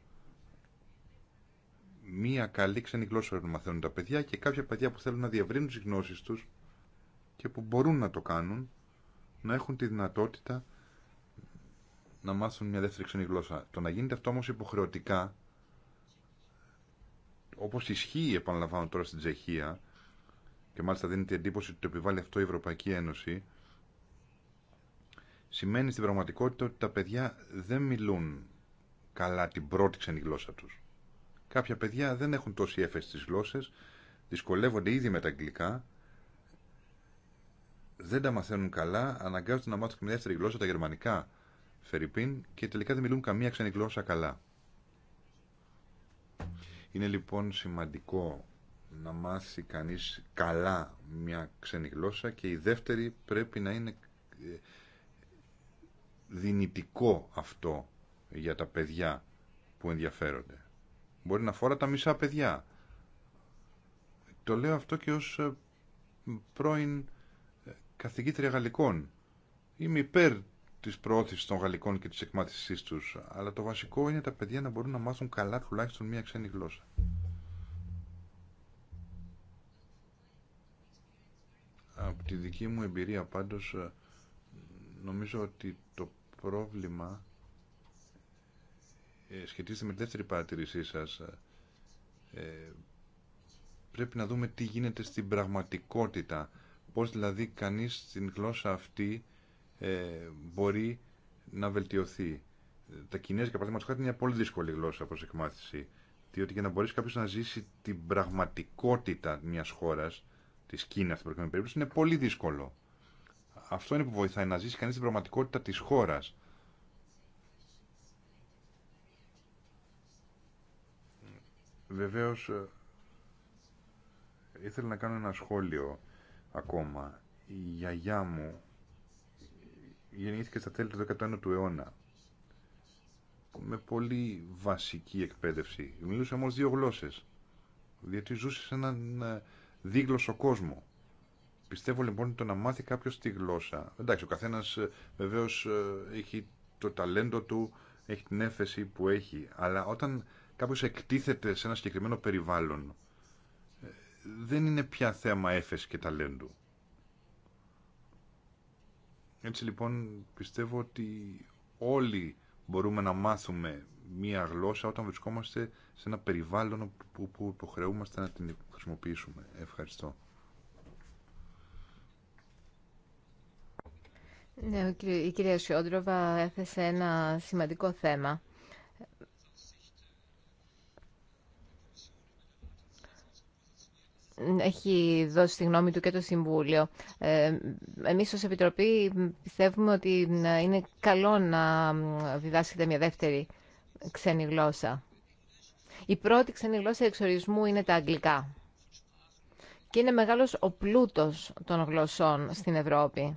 μία καλή ξένη γλώσσα να μαθαίνουν τα παιδιά και κάποια παιδιά που θέλουν να διευρύνουν τις γνώσεις τους και που μπορούν να το κάνουν, να έχουν τη δυνατότητα να μάθουν μια δεύτερη ξένη γλώσσα. Το να γίνεται αυτό όμως υποχρεωτικά, όπως ισχύει επαναλαμβάνω τώρα στην Τσεχία, και μάλιστα δίνεται εντύπωση ότι το επιβάλλει αυτό η Ευρωπαϊκή Ένωση, σημαίνει στην πραγματικότητα ότι τα παιδιά δεν μιλούν καλά την πρώτη ξένη γλώσσα τους. Κάποια παιδιά δεν έχουν τόση έφεση στις γλώσσες, δυσκολεύονται ήδη με τα αγγλικά, δεν τα μαθαίνουν καλά, αναγκάζονται να μάθουν και μια δεύτερη γλώσσα, τα γερμανικά, φερρυπίν, και τελικά δεν μιλούν καμία ξένη γλώσσα καλά. Είναι λοιπόν σημαντικό να μάθει κανείς καλά μια ξένη γλώσσα και η δεύτερη πρέπει να είναι ε, δυνητικό αυτό για τα παιδιά που ενδιαφέρονται. Μπορεί να φορά τα μισά παιδιά. Το λέω αυτό και ως ε, πρώην ε, καθηγήτρια γαλλικών. Είμαι υπέρ της προώθησης των γαλλικών και της εκμάθησής τους, αλλά το βασικό είναι τα παιδιά να μπορούν να μάθουν καλά τουλάχιστον μία ξένη γλώσσα. Από τη δική μου εμπειρία πάντως ε, νομίζω ότι το πρόβλημα ε, σχετίζεται με τη δεύτερη παρατηρήσή σας. Ε, ε, πρέπει να δούμε τι γίνεται στην πραγματικότητα. Πώς δηλαδή κανείς στην γλώσσα αυτή ε, μπορεί να βελτιωθεί. Τα κινέζικα, παραδείγματος χάρη, είναι μια πολύ δύσκολη γλώσσα προς εκμάθηση. Διότι για να μπορέσει κάποιος να ζήσει την πραγματικότητα μιας χώρας, της Κίνας στην προηγούμενη περίπτωση, είναι πολύ δύσκολο. Αυτό είναι που βοηθάει να ζήσει κανείς την πραγματικότητα της χώρας. Βεβαίως ε, ήθελα να κάνω ένα σχόλιο ακόμα. Η γιαγιά μου γεννήθηκε στα τέλη του 19ου αιώνα με πολύ βασική εκπαίδευση. Μιλούσε όμως δύο γλώσσες διότι ζούσε σε έναν ε, δίγλωσσο κόσμο. Πιστεύω λοιπόν το να μάθει κάποιος τη γλώσσα εντάξει ο καθένας ε, βεβαίως έχει το ταλέντο του, έχει την έφεση που έχει αλλά όταν κάποιος εκτίθεται σε ένα συγκεκριμένο περιβάλλον, δεν είναι πια θέμα έφεση και ταλέντου. Έτσι λοιπόν πιστεύω ότι όλοι μπορούμε να μάθουμε μία γλώσσα όταν βρισκόμαστε σε ένα περιβάλλον που, υποχρεούμαστε να την χρησιμοποιήσουμε. Ευχαριστώ. Ναι, η κυρία Σιόντροβα έθεσε ένα σημαντικό θέμα. έχει δώσει τη γνώμη του και το Συμβούλιο. Ε, εμείς ως Επιτροπή πιστεύουμε ότι ε, είναι καλό να διδάσκεται μια δεύτερη ξένη γλώσσα. Η πρώτη ξένη γλώσσα εξορισμού είναι τα αγγλικά. Και είναι μεγάλος ο πλούτος των γλωσσών στην Ευρώπη.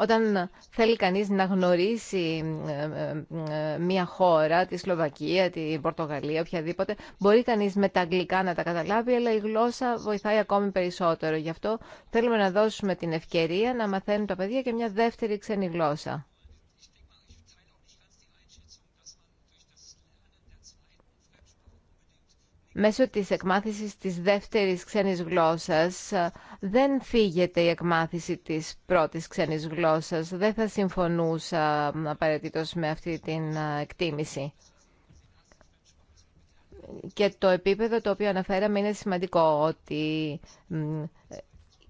Όταν θέλει κανείς να γνωρίσει ε, ε, μια χώρα, τη Σλοβακία, την Πορτογαλία, οποιαδήποτε, μπορεί κανείς με τα αγγλικά να τα καταλάβει, αλλά η γλώσσα βοηθάει ακόμη περισσότερο. Γι' αυτό θέλουμε να δώσουμε την ευκαιρία να μαθαίνουν τα παιδιά και μια δεύτερη ξένη γλώσσα. μέσω της εκμάθησης της δεύτερης ξένης γλώσσας δεν φύγεται η εκμάθηση της πρώτης ξένης γλώσσας. Δεν θα συμφωνούσα απαραίτητο με αυτή την εκτίμηση. Και το επίπεδο το οποίο αναφέραμε είναι σημαντικό ότι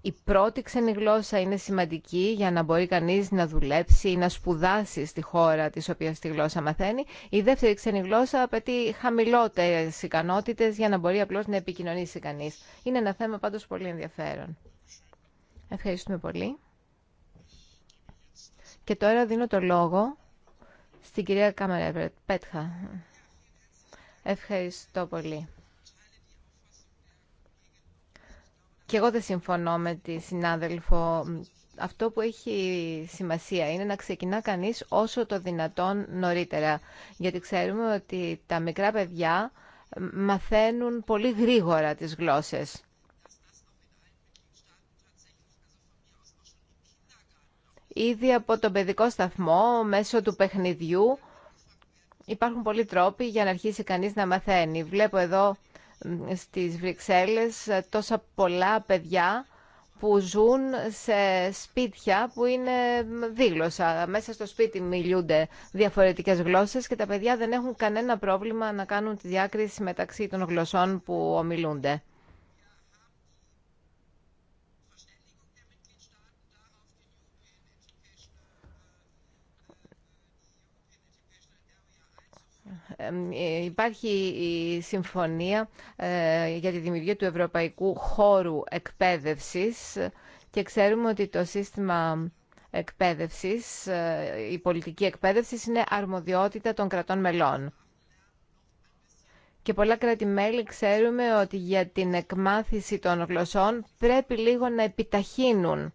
η πρώτη ξένη γλώσσα είναι σημαντική για να μπορεί κανείς να δουλέψει ή να σπουδάσει στη χώρα της οποίας τη γλώσσα μαθαίνει. Η δεύτερη ξένη γλώσσα απαιτεί χαμηλότερες ικανότητες για να μπορεί απλώς να επικοινωνήσει κανείς. Είναι ένα θέμα πάντως πολύ ενδιαφέρον. Ευχαριστούμε πολύ. Και τώρα δίνω το λόγο στην κυρία Κάμερα Πέτχα. Ευχαριστώ πολύ. Και εγώ δεν συμφωνώ με τη συνάδελφο. Αυτό που έχει σημασία είναι να ξεκινά κανείς όσο το δυνατόν νωρίτερα. Γιατί ξέρουμε ότι τα μικρά παιδιά μαθαίνουν πολύ γρήγορα τις γλώσσες. Ήδη από τον παιδικό σταθμό, μέσω του παιχνιδιού, υπάρχουν πολλοί τρόποι για να αρχίσει κανείς να μαθαίνει. Βλέπω εδώ στις Βρυξέλλες ε, τόσα πολλά παιδιά που ζουν σε σπίτια που είναι δίγλωσσα. Μέσα στο σπίτι μιλούνται διαφορετικές γλώσσες και τα παιδιά δεν έχουν κανένα πρόβλημα να κάνουν τη διάκριση μεταξύ των γλωσσών που ομιλούνται. Ε, υπάρχει η συμφωνία ε, για τη δημιουργία του Ευρωπαϊκού Χώρου Εκπαίδευσης και ξέρουμε ότι το σύστημα εκπαίδευσης, ε, η πολιτική εκπαίδευση είναι αρμοδιότητα των κρατών μελών. Και πολλά κράτη-μέλη ξέρουμε ότι για την εκμάθηση των γλωσσών πρέπει λίγο να επιταχύνουν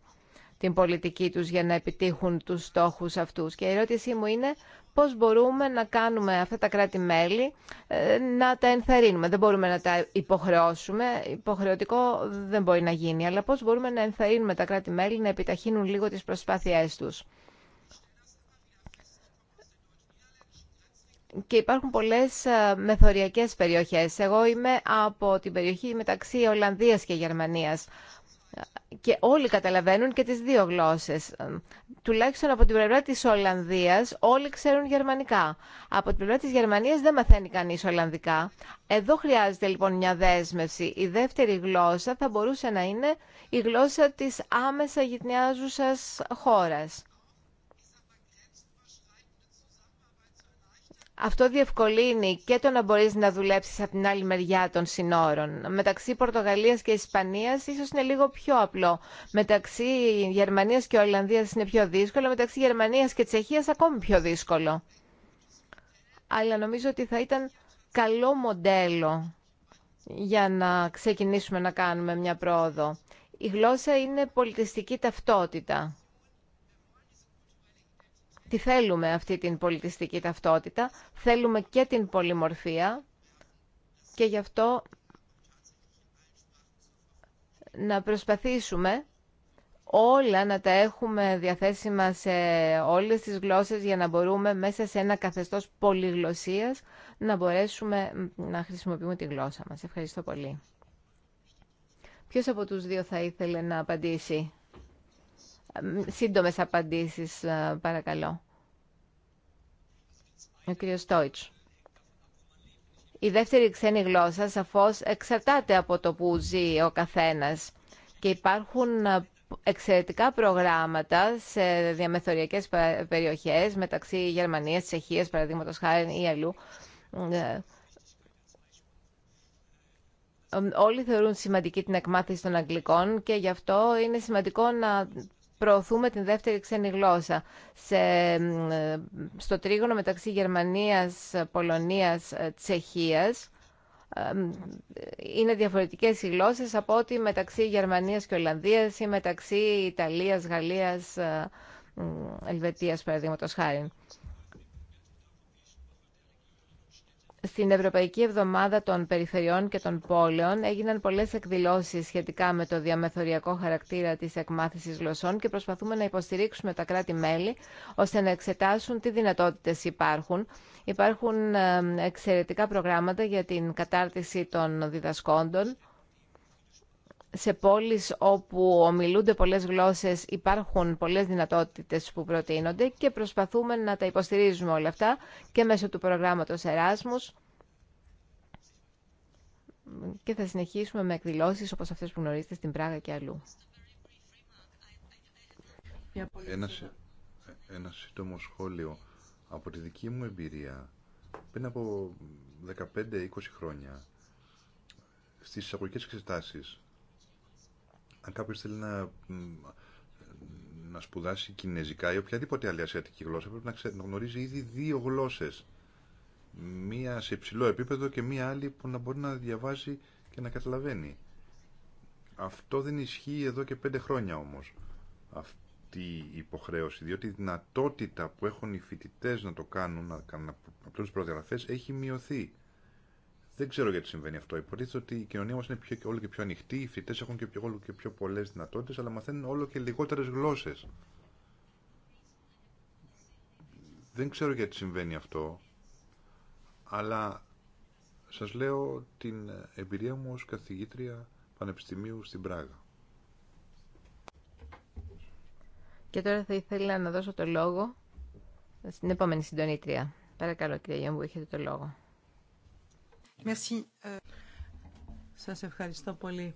την πολιτική τους για να επιτύχουν τους στόχους αυτούς. Και η ερώτησή μου είναι πώς μπορούμε να κάνουμε αυτά τα κράτη-μέλη ε, να τα ενθαρρύνουμε. Δεν μπορούμε να τα υποχρεώσουμε, υποχρεωτικό δεν μπορεί να γίνει, αλλά πώς μπορούμε να ενθαρρύνουμε τα κράτη-μέλη να επιταχύνουν λίγο τις προσπάθειές τους. και υπάρχουν πολλές ε, μεθοριακές περιοχές. Εγώ είμαι από την περιοχή μεταξύ Ολλανδίας και Γερμανίας και όλοι καταλαβαίνουν και τις δύο γλώσσες. Τουλάχιστον από την πλευρά της Ολλανδίας όλοι ξέρουν γερμανικά. Από την πλευρά της Γερμανίας δεν μαθαίνει κανείς Ολλανδικά. Εδώ χρειάζεται λοιπόν μια δέσμευση. Η δεύτερη γλώσσα θα μπορούσε να είναι η γλώσσα της άμεσα γυτνιάζουσας χώρας. Αυτό διευκολύνει και το να μπορείς να δουλέψεις από την άλλη μεριά των συνόρων. Μεταξύ Πορτογαλίας και Ισπανίας ίσως είναι λίγο πιο απλό. Μεταξύ Γερμανίας και Ολλανδίας είναι πιο δύσκολο. Μεταξύ Γερμανίας και Τσεχίας ακόμη πιο δύσκολο. Αλλά νομίζω ότι θα ήταν καλό μοντέλο για να ξεκινήσουμε να κάνουμε μια πρόοδο. Η γλώσσα είναι πολιτιστική ταυτότητα τη θέλουμε αυτή την πολιτιστική ταυτότητα, θέλουμε και την πολυμορφία και γι' αυτό να προσπαθήσουμε όλα να τα έχουμε διαθέσιμα σε όλες τις γλώσσες για να μπορούμε μέσα σε ένα καθεστώς πολυγλωσσίας να μπορέσουμε να χρησιμοποιούμε τη γλώσσα μας. Ευχαριστώ πολύ. Ποιος από τους δύο θα ήθελε να απαντήσει. Σύντομες απαντήσεις, παρακαλώ. Ο κύριος Στόιτς. Η δεύτερη ξένη γλώσσα σαφώς εξαρτάται από το που ζει ο καθένας και υπάρχουν εξαιρετικά προγράμματα σε διαμεθοριακές περιοχές μεταξύ Γερμανίας, Τσεχίας, παραδείγματο χάρη ή αλλού όλοι θεωρούν σημαντική την εκμάθηση των Αγγλικών και γι' αυτό είναι σημαντικό να προωθούμε την δεύτερη ξένη γλώσσα. Σε, στο τρίγωνο μεταξύ Γερμανίας, Πολωνίας, ε, Τσεχίας ε, είναι διαφορετικές οι γλώσσες από ό,τι μεταξύ Γερμανίας και Ολλανδίας ή μεταξύ Ιταλίας, Γαλλίας, ε, Ελβετίας, παραδείγματος χάρη. Στην Ευρωπαϊκή Εβδομάδα των Περιφερειών και των Πόλεων έγιναν πολλές εκδηλώσεις σχετικά με το διαμεθοριακό χαρακτήρα της εκμάθησης γλωσσών και προσπαθούμε να υποστηρίξουμε τα κράτη-μέλη ώστε να εξετάσουν τι δυνατότητες υπάρχουν. Υπάρχουν ε, εξαιρετικά προγράμματα για την κατάρτιση των διδασκόντων σε πόλεις όπου ομιλούνται πολλές γλώσσες υπάρχουν πολλές δυνατότητες που προτείνονται και προσπαθούμε να τα υποστηρίζουμε όλα αυτά και μέσω του προγράμματος Εράσμους και θα συνεχίσουμε με εκδηλώσεις όπως αυτές που γνωρίζετε στην Πράγα και αλλού. ένα σύντομο σχόλιο από τη δική μου εμπειρία πριν από 15-20 χρόνια στις εισαγωγικές εξετάσεις αν κάποιο θέλει να, να σπουδάσει κινέζικα ή οποιαδήποτε άλλη ασιατική γλώσσα πρέπει να, γνωρίζει ήδη δύο γλώσσες μία σε υψηλό επίπεδο και μία άλλη που να μπορεί να διαβάζει και να καταλαβαίνει αυτό δεν ισχύει εδώ και πέντε χρόνια όμως αυτή η υποχρέωση διότι η δυνατότητα που έχουν οι φοιτητέ να το κάνουν να, κάνουν απλώ έχει μειωθεί δεν ξέρω γιατί συμβαίνει αυτό. Υποτίθεται ότι η κοινωνία μα είναι πιο, όλο και πιο ανοιχτή, οι φοιτητέ έχουν και πιο, όλο και πιο πολλέ δυνατότητε, αλλά μαθαίνουν όλο και λιγότερε γλώσσε. Δεν ξέρω γιατί συμβαίνει αυτό, αλλά σας λέω την εμπειρία μου ως καθηγήτρια πανεπιστημίου στην Πράγα. Και τώρα θα ήθελα να δώσω το λόγο στην επόμενη συντονίτρια. Παρακαλώ, κυρία που έχετε το λόγο. Merci. Σας ευχαριστώ πολύ.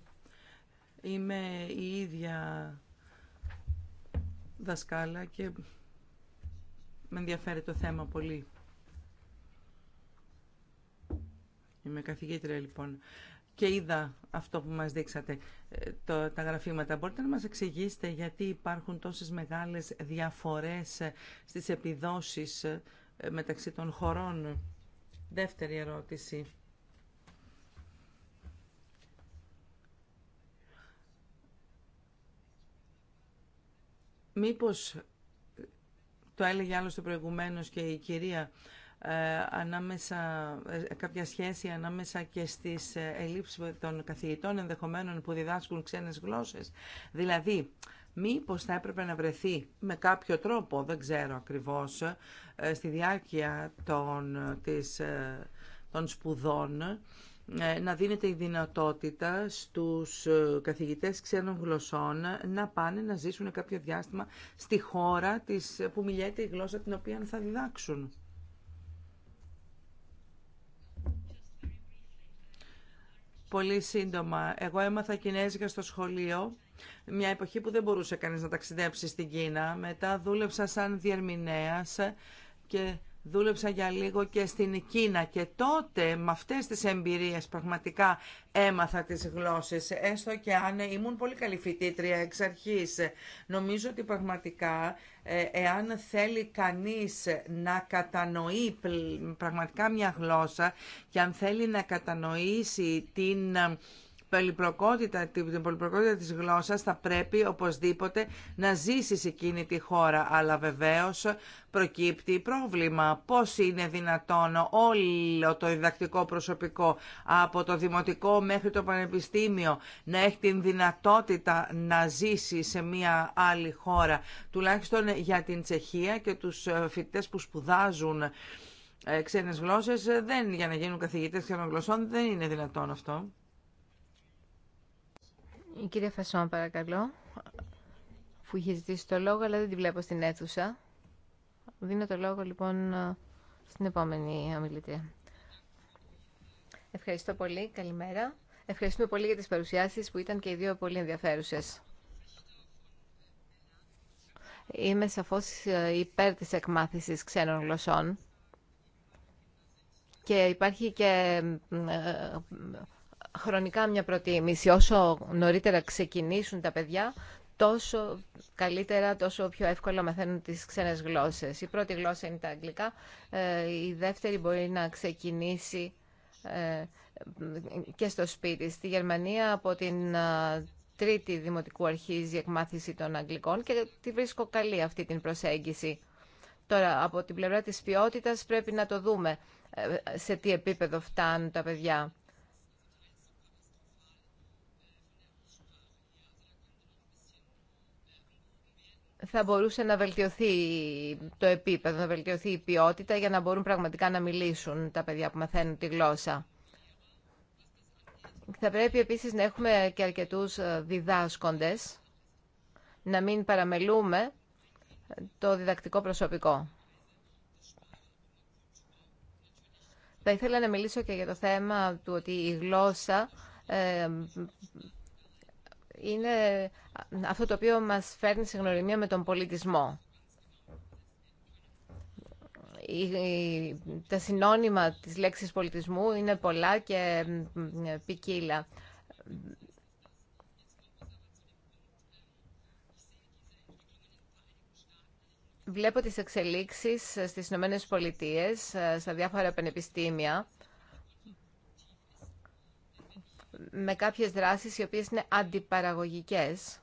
Είμαι η ίδια δασκάλα και με ενδιαφέρει το θέμα πολύ. Είμαι καθηγήτρια λοιπόν και είδα αυτό που μας δείξατε, ε, το, τα γραφήματα. Μπορείτε να μας εξηγήσετε γιατί υπάρχουν τόσες μεγάλες διαφορές ε, στις επιδόσεις ε, μεταξύ των χωρών. Δεύτερη ερώτηση. Μήπως, ε, το έλεγε άλλωστε προηγουμένως και η κυρία, ε, ανάμεσα, ε, κάποια σχέση ανάμεσα και στις ελλείψεις των καθηγητών ενδεχομένων που διδάσκουν ξένες γλώσσες. Δηλαδή, μήπως θα έπρεπε να βρεθεί με κάποιο τρόπο, δεν ξέρω ακριβώς, στη διάρκεια των, της, των σπουδών, ε, να δίνεται η δυνατότητα στους ε, καθηγητές ξένων γλωσσών να πάνε να ζήσουν κάποιο διάστημα στη χώρα της, ε, που μιλιέται η γλώσσα την οποία θα διδάξουν. Πολύ σύντομα. Εγώ έμαθα Κινέζικα στο σχολείο, μια εποχή που δεν μπορούσε κανείς να ταξιδέψει στην Κίνα. Μετά δούλεψα σαν διερμηνέας και Δούλεψα για λίγο και στην Κίνα και τότε με αυτές τις εμπειρίες πραγματικά έμαθα τις γλώσσες, έστω και αν ήμουν πολύ καλή φοιτήτρια εξ αρχής. Νομίζω ότι πραγματικά ε, εάν θέλει κανείς να κατανοεί πραγματικά μια γλώσσα και αν θέλει να κατανοήσει την την πολυπλοκότητα της γλώσσας θα πρέπει οπωσδήποτε να ζήσει σε εκείνη τη χώρα. Αλλά βεβαίως προκύπτει πρόβλημα. Πώς είναι δυνατόν όλο το διδακτικό προσωπικό από το δημοτικό μέχρι το πανεπιστήμιο να έχει την δυνατότητα να ζήσει σε μια άλλη χώρα. Τουλάχιστον για την Τσεχία και τους ε, φοιτητές που σπουδάζουν ε, ξένες γλώσσες, ε, δεν, για να γίνουν καθηγητές ξένων γλωσσών δεν είναι δυνατόν αυτό. Η κυρία Φασόν, παρακαλώ, που είχε ζητήσει το λόγο, αλλά δεν τη βλέπω στην αίθουσα. Δίνω το λόγο, λοιπόν, στην επόμενη ομιλητή. Ευχαριστώ πολύ. Καλημέρα. Ευχαριστούμε πολύ για τις παρουσιάσεις που ήταν και οι δύο πολύ ενδιαφέρουσες. Είμαι σαφώς ε, υπέρ της εκμάθησης ξένων γλωσσών και υπάρχει και ε, χρονικά μια προτίμηση. Όσο νωρίτερα ξεκινήσουν τα παιδιά, τόσο καλύτερα, τόσο πιο εύκολα μαθαίνουν τις ξένες γλώσσες. Η πρώτη γλώσσα είναι τα αγγλικά, ε, η δεύτερη μπορεί να ξεκινήσει ε, και στο σπίτι. Στη Γερμανία από την ε, τρίτη δημοτικού αρχίζει η εκμάθηση των αγγλικών και τη βρίσκω καλή αυτή την προσέγγιση. Τώρα, από την πλευρά της ποιότητας πρέπει να το δούμε σε τι επίπεδο φτάνουν τα παιδιά. θα μπορούσε να βελτιωθεί το επίπεδο, να βελτιωθεί η ποιότητα για να μπορούν πραγματικά να μιλήσουν τα παιδιά που μαθαίνουν τη γλώσσα. Θα πρέπει επίσης να έχουμε και αρκετούς ε, διδάσκοντες, να μην παραμελούμε το διδακτικό προσωπικό. Θα ήθελα να μιλήσω και για το θέμα του ότι η γλώσσα ε, είναι αυτό το οποίο μας φέρνει σε γνωριμία με τον πολιτισμό. Τα συνώνυμα της λέξης πολιτισμού είναι πολλά και ποικίλα. Βλέπω τις εξελίξεις στις Ηνωμένε Πολιτείες, ε, στα διάφορα πανεπιστήμια με κάποιες δράσεις οι οποίες είναι αντιπαραγωγικές.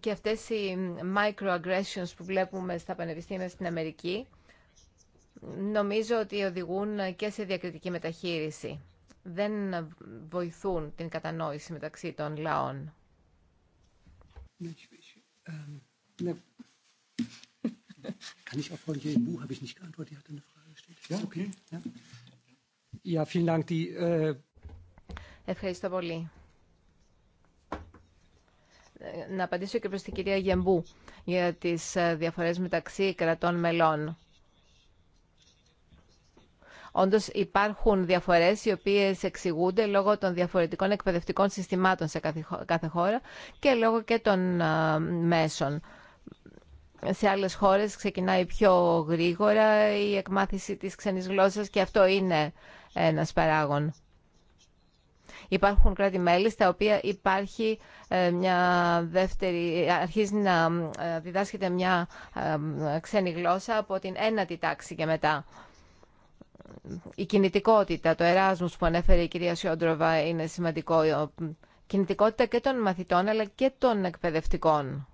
Και αυτές οι microaggressions που βλέπουμε στα πανεπιστήμια στην Αμερική νομίζω ότι οδηγούν και σε διακριτική μεταχείριση. Δεν βοηθούν την κατανόηση μεταξύ των λαών. Ευχαριστώ πολύ. Να απαντήσω και προς την κυρία Γεμπού για τις ε, διαφορές μεταξύ κρατών μελών. Όντως υπάρχουν διαφορές οι οποίες εξηγούνται λόγω των διαφορετικών εκπαιδευτικών συστημάτων σε κάθε χώρα και λόγω και των ε, μέσων σε άλλες χώρες ξεκινάει πιο γρήγορα η εκμάθηση της ξένης γλώσσας και αυτό είναι ένας παράγον. Υπάρχουν κράτη-μέλη στα οποία υπάρχει ε, μια δεύτερη, αρχίζει να ε, διδάσκεται μια ε, ξένη γλώσσα από την ένατη τάξη και μετά. Η κινητικότητα, το εράσμους που ανέφερε η κυρία Σιόντροβα είναι σημαντικό. Κινητικότητα και των μαθητών αλλά και των εκπαιδευτικών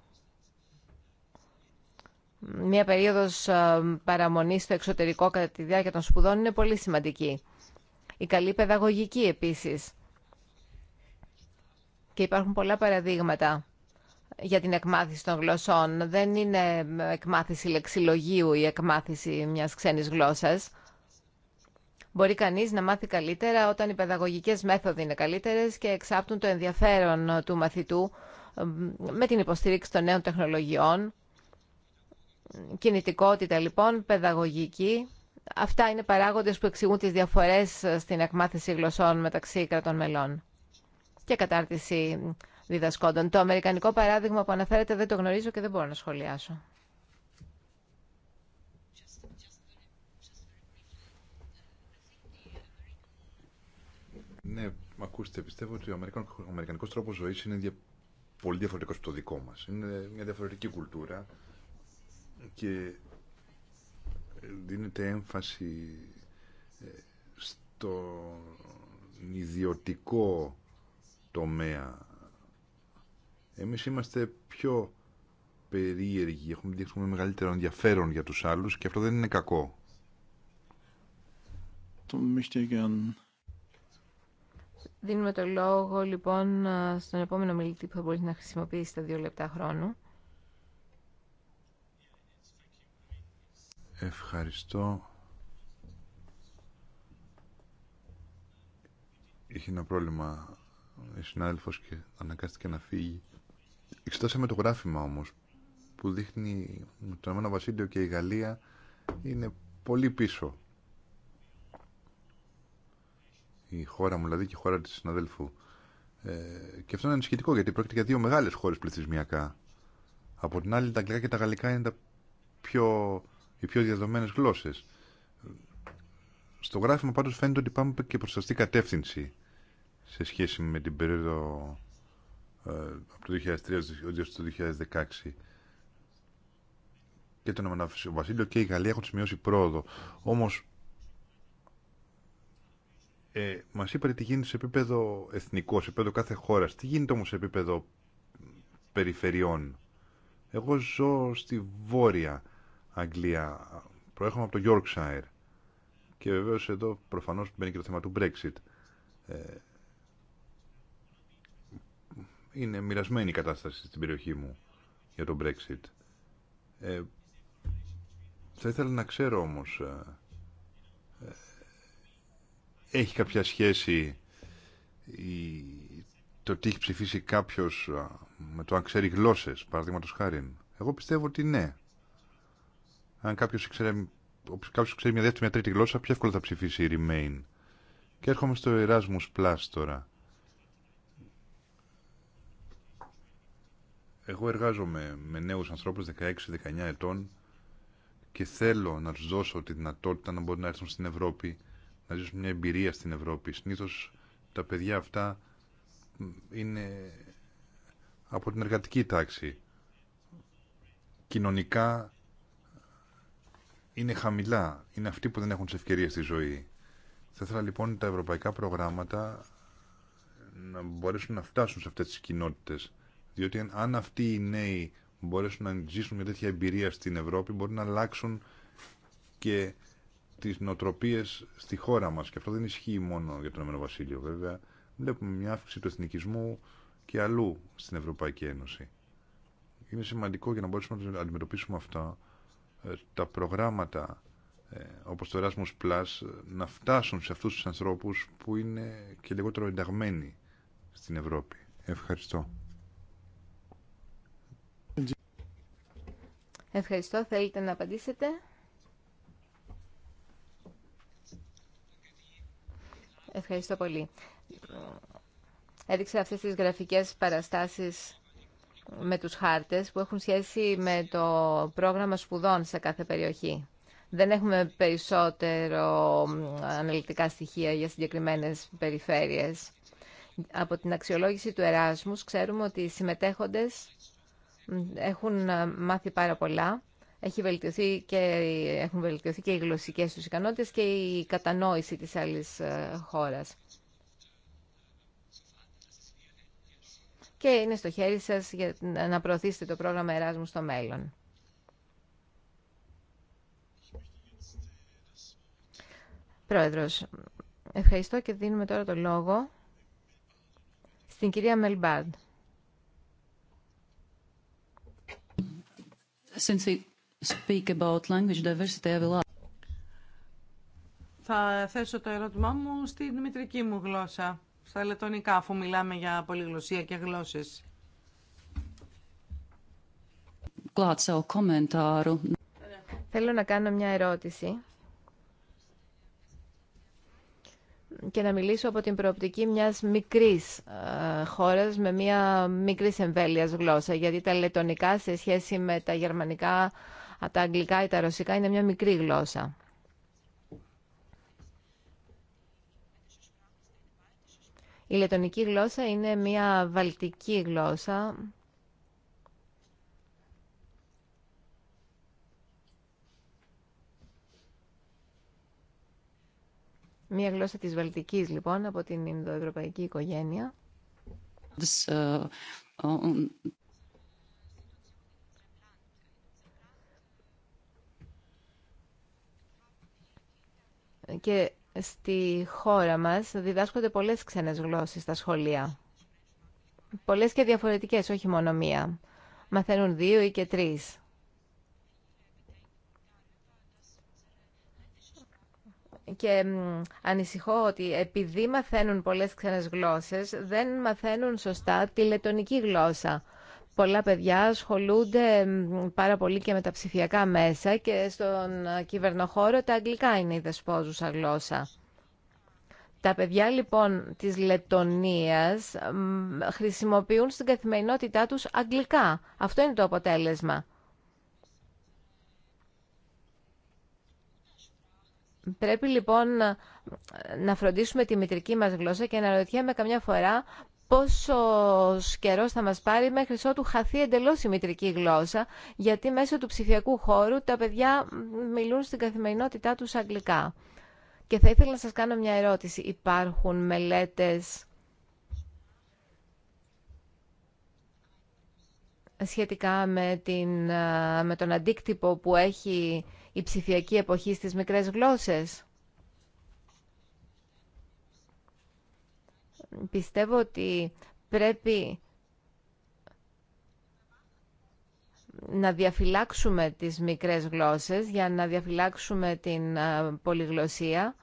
μια περίοδος ε, παραμονής στο εξωτερικό κατά τη διάρκεια των σπουδών είναι πολύ σημαντική. Η καλή παιδαγωγική επίσης. Και υπάρχουν πολλά παραδείγματα για την εκμάθηση των γλωσσών. Δεν είναι εκμάθηση λεξιλογίου ή εκμάθηση μιας ξένης γλώσσας. Μπορεί κανείς να μάθει καλύτερα όταν οι παιδαγωγικές μέθοδοι είναι καλύτερες και εξάπτουν το ενδιαφέρον του μαθητού ε, με την υποστήριξη των νέων τεχνολογιών Κινητικότητα λοιπόν, παιδαγωγική. Αυτά είναι παράγοντες που εξηγούν τις διαφορές στην εκμάθηση γλωσσών μεταξύ κρατών μελών και κατάρτιση διδασκόντων. Το αμερικανικό παράδειγμα που αναφέρεται δεν το γνωρίζω και δεν μπορώ να σχολιάσω. Ναι, ακούστε, πιστεύω ότι ο αμερικανικός τρόπος ζωής είναι πολύ διαφορετικός από το δικό μας. Είναι μια διαφορετική κουλτούρα και δίνεται έμφαση ε, στον ιδιωτικό τομέα. Εμείς είμαστε πιο περίεργοι, έχουμε με μεγαλύτερο ενδιαφέρον για τους άλλους και αυτό δεν είναι κακό. Δίνουμε το λόγο λοιπόν στον επόμενο μιλητή που θα μπορεί να χρησιμοποιήσει τα δύο λεπτά χρόνου. Ευχαριστώ. Είχε ένα πρόβλημα η συνάδελφος και ανακάστηκε να φύγει. Εξετάσαμε το γράφημα όμως που δείχνει το Ηνωμένο Βασίλειο και η Γαλλία είναι πολύ πίσω. Η χώρα μου δηλαδή και η χώρα της συναδέλφου. Ε, και αυτό είναι ανησυχητικό γιατί πρόκειται για δύο μεγάλες χώρες πληθυσμιακά. Από την άλλη τα αγγλικά και τα γαλλικά είναι τα πιο οι πιο διαδομένες γλώσσες. Στο γράφημα πάντως φαίνεται ότι πάμε και προς αυτή κατεύθυνση σε σχέση με την περίοδο ε, από το 2003 έως το 2016. Και το όνομα Βασίλειο και η Γαλλία έχουν σημειώσει πρόοδο. Όμως ε, μας είπατε τι γίνεται σε επίπεδο εθνικό, σε επίπεδο κάθε χώρας. Τι γίνεται όμως σε επίπεδο περιφερειών. Εγώ ζω στη Βόρεια Αγγλία. Προέρχομαι από το Yorkshire. Και βεβαίω εδώ προφανώ μπαίνει και το θέμα του Brexit. Ε, είναι μοιρασμένη η κατάσταση στην περιοχή μου για το Brexit. Ε, θα ήθελα να ξέρω όμως, ε, ε έχει κάποια σχέση η, το τι έχει ψηφίσει κάποιος ε, με το αν ξέρει γλώσσες, παραδείγματος χάρη. Εγώ πιστεύω ότι ναι αν κάποιο ξέρει, ξέρει μια δεύτερη, μια τρίτη γλώσσα, πιο εύκολα θα ψηφίσει η Remain. Και έρχομαι στο Erasmus Plus τώρα. Εγώ εργάζομαι με νέους ανθρώπους 16-19 ετών και θέλω να τους δώσω τη δυνατότητα να μπορούν να έρθουν στην Ευρώπη, να ζήσουν μια εμπειρία στην Ευρώπη. Συνήθω τα παιδιά αυτά είναι από την εργατική τάξη. Κοινωνικά είναι χαμηλά. Είναι αυτοί που δεν έχουν τι ευκαιρίε στη ζωή. Θα ήθελα λοιπόν τα ευρωπαϊκά προγράμματα να μπορέσουν να φτάσουν σε αυτέ τι κοινότητε, Διότι αν αυτοί οι νέοι μπορέσουν να ζήσουν μια τέτοια εμπειρία στην Ευρώπη, μπορεί να αλλάξουν και τι νοοτροπίε στη χώρα μα. Και αυτό δεν ισχύει μόνο για τον Ε. Βασίλειο βέβαια. Βλέπουμε μια αύξηση του εθνικισμού και αλλού στην Ευρωπαϊκή Ένωση. Είναι σημαντικό για να μπορέσουμε να αντιμετωπίσουμε αυτά ε, τα προγράμματα ε, όπως το Erasmus Plus ε, να φτάσουν σε αυτούς τους ανθρώπους που είναι και λιγότερο ενταγμένοι στην Ευρώπη. Ευχαριστώ. Ευχαριστώ. Θέλετε να απαντήσετε. Ευχαριστώ πολύ. Έδειξε αυτές τις γραφικές παραστάσεις με τους χάρτες που έχουν σχέση με το πρόγραμμα σπουδών σε κάθε περιοχή. Δεν έχουμε περισσότερο αναλυτικά στοιχεία για συγκεκριμένες περιφέρειες. Από την αξιολόγηση του Εράσμους ξέρουμε ότι οι συμμετέχοντες έχουν ε, μάθει πάρα πολλά. Έχει βελτιωθεί και, έχουν βελτιωθεί και οι γλωσσικές τους ικανότητες και η κατανόηση της άλλης ε, χώρας. και είναι στο χέρι σας για να προωθήσετε το πρόγραμμα Εράσμου στο μέλλον. Πρόεδρος, ευχαριστώ και δίνουμε τώρα το λόγο στην κυρία Μελμπάντ. θα θέσω το ερώτημά μου στη μητρική μου γλώσσα στα λετωνικά, αφού μιλάμε για πολυγλωσία και γλώσσες. Θέλω να κάνω μια ερώτηση και να μιλήσω από την προοπτική μιας μικρής ε, χώρας με μια μικρή εμβέλειας γλώσσα, γιατί τα λετωνικά σε σχέση με τα γερμανικά, τα αγγλικά ή τα ρωσικά είναι μια μικρή γλώσσα. Η λετονική γλώσσα είναι μια βαλτική γλώσσα. Μια γλώσσα της Βαλτικής, λοιπόν, από την Ινδοευρωπαϊκή οικογένεια. Και στη χώρα μας διδάσκονται πολλές ξένες γλώσσες στα σχολεία. Πολλές και διαφορετικές, όχι μόνο μία. Μαθαίνουν δύο ή και τρεις. Και ανησυχώ ότι επειδή μαθαίνουν πολλές ξένες γλώσσες, δεν μαθαίνουν σωστά τη λετονική γλώσσα πολλά παιδιά ασχολούνται πάρα πολύ και με τα ψηφιακά μέσα και στον ε, κυβερνοχώρο τα αγγλικά είναι η δεσπόζουσα γλώσσα. Τα παιδιά λοιπόν της Λετωνίας χρησιμοποιούν στην καθημερινότητά τους αγγλικά. Αυτό είναι το αποτέλεσμα. Πρέπει λοιπόν να φροντίσουμε τη μητρική μας γλώσσα και να ρωτιέμαι καμιά φορά πόσο καιρό θα μας πάρει μέχρι ότου χαθεί εντελώς η μητρική γλώσσα, γιατί μέσω του ψηφιακού χώρου τα παιδιά μιλούν στην καθημερινότητά τους αγγλικά. Και θα ήθελα να σας κάνω μια ερώτηση. Υπάρχουν μελέτες σχετικά με, την, με τον αντίκτυπο που έχει η ψηφιακή εποχή στις μικρές γλώσσες. πιστεύω ότι πρέπει να διαφυλάξουμε τις μικρές γλώσσες για να διαφυλάξουμε την ε, πολυγλωσία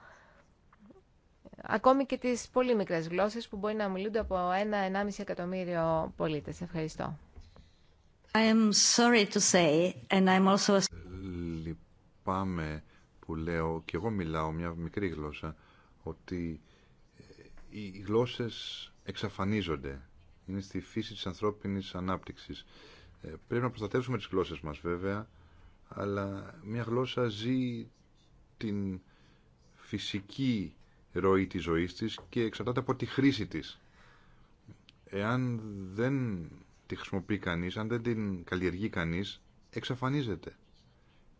ακόμη και τις πολύ μικρές γλώσσες που μπορεί να μιλούνται από ένα-ενάμιση εκατομμύριο πολίτες. Ευχαριστώ. I to say, and I'm also... Λυπάμαι που λέω, και εγώ μιλάω μια μικρή γλώσσα, ότι οι γλώσσες εξαφανίζονται. Είναι στη φύση της ανθρώπινης ανάπτυξης. Ε, πρέπει να προστατεύσουμε τις γλώσσες μας βέβαια, αλλά μια γλώσσα ζει την φυσική ροή της ζωής της και εξαρτάται από τη χρήση της. Εάν δεν τη χρησιμοποιεί κανείς, αν δεν την καλλιεργεί κανείς, εξαφανίζεται.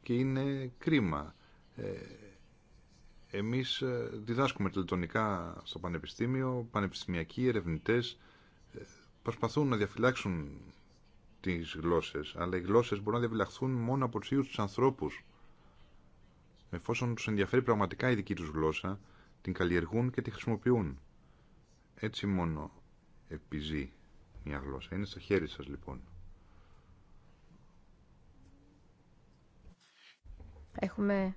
Και είναι κρίμα. Ε, εμείς ε, διδάσκουμε τηλετονικά στο πανεπιστήμιο, πανεπιστημιακοί ερευνητές ε, προσπαθούν να διαφυλάξουν τις γλώσσες, αλλά οι γλώσσες μπορούν να διαφυλαχθούν μόνο από του ίδιου του ανθρώπου. Εφόσον του ενδιαφέρει πραγματικά η δική τους γλώσσα, την καλλιεργούν και τη χρησιμοποιούν. Έτσι μόνο επιζεί μια γλώσσα. Είναι στο χέρι σας λοιπόν. Έχουμε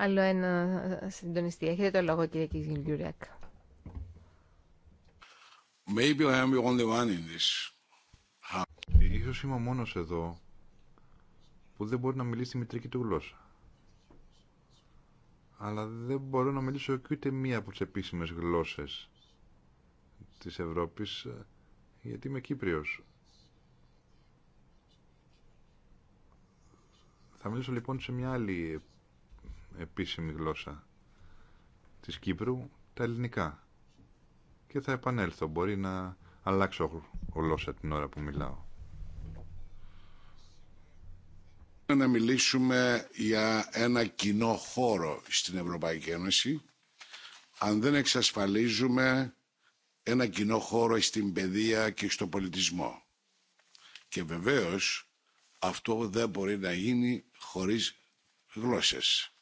Άλλο ένα συντονιστή. Έχετε το λόγο, κύριε Κιζιλγιουριακ. Maybe Ίσως είμαι ο μόνος εδώ που δεν μπορεί να μιλήσει τη μητρική του γλώσσα. Αλλά δεν μπορώ να μιλήσω και ούτε μία από τις επίσημες γλώσσες της Ευρώπης γιατί είμαι Κύπριος. Θα μιλήσω λοιπόν σε μια άλλη επίσημη γλώσσα της Κύπρου τα ελληνικά. Και θα επανέλθω. Μπορεί να αλλάξω γλώσσα την ώρα που μιλάω. Να μιλήσουμε για ένα κοινό χώρο στην Ευρωπαϊκή Ένωση αν δεν εξασφαλίζουμε ένα κοινό χώρο στην παιδεία και στο πολιτισμό. Και βεβαίως αυτό δεν μπορεί να γίνει χωρίς γλώσσες.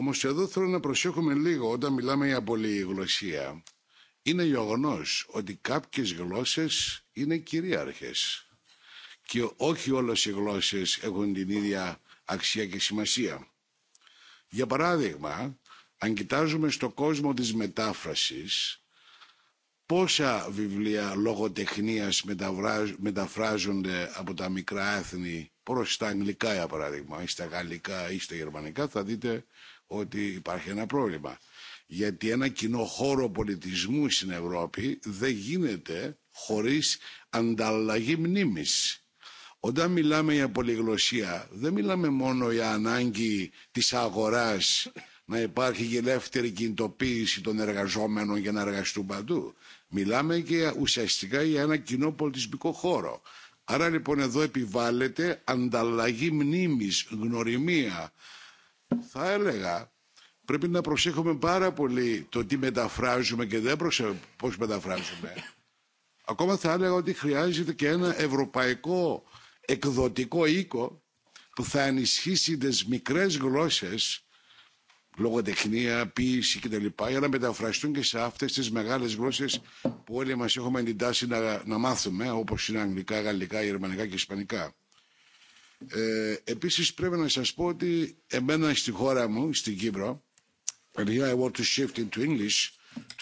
Όμω εδώ θέλω να προσέχουμε λίγο όταν μιλάμε για πολυγλωσία. Είναι γεγονό ότι κάποιε γλώσσε είναι κυρίαρχε. Και όχι όλε οι γλώσσε έχουν την ίδια αξία και σημασία. Για παράδειγμα, αν κοιτάζουμε στο κόσμο της μετάφρασης, πόσα βιβλία λογοτεχνίας μεταφράζονται από τα μικρά έθνη προς τα αγγλικά, για παράδειγμα, ή στα γαλλικά ή στα γερμανικά, θα δείτε ότι υπάρχει ένα πρόβλημα. Γιατί ένα κοινό χώρο πολιτισμού στην Ευρώπη δεν γίνεται χωρίς ανταλλαγή μνήμης. Όταν μιλάμε για πολυγλωσία, δεν μιλάμε μόνο για ανάγκη της αγοράς να υπάρχει και ελεύθερη κινητοποίηση των εργαζόμενων για να εργαστούν παντού. Μιλάμε και ουσιαστικά για ένα κοινό πολιτισμικό χώρο. Άρα λοιπόν εδώ επιβάλλεται ανταλλαγή μνήμης, γνωριμία, θα έλεγα πρέπει να προσέχουμε πάρα πολύ το τι μεταφράζουμε και δεν προσέχουμε πώς μεταφράζουμε. Ακόμα θα έλεγα ότι χρειάζεται και ένα ευρωπαϊκό εκδοτικό οίκο που θα ενισχύσει τις μικρές γλώσσες λογοτεχνία, ποιήση κτλ. για να μεταφραστούν και σε αυτές τις μεγάλες γλώσσες που όλοι μας έχουμε την τάση να, να μάθουμε όπως είναι αγγλικά, γαλλικά, γερμανικά και ισπανικά. Ε, επίσης πρέπει να σας πω ότι εμένα στη χώρα μου, στην Κύπρο, and here I want to shift into English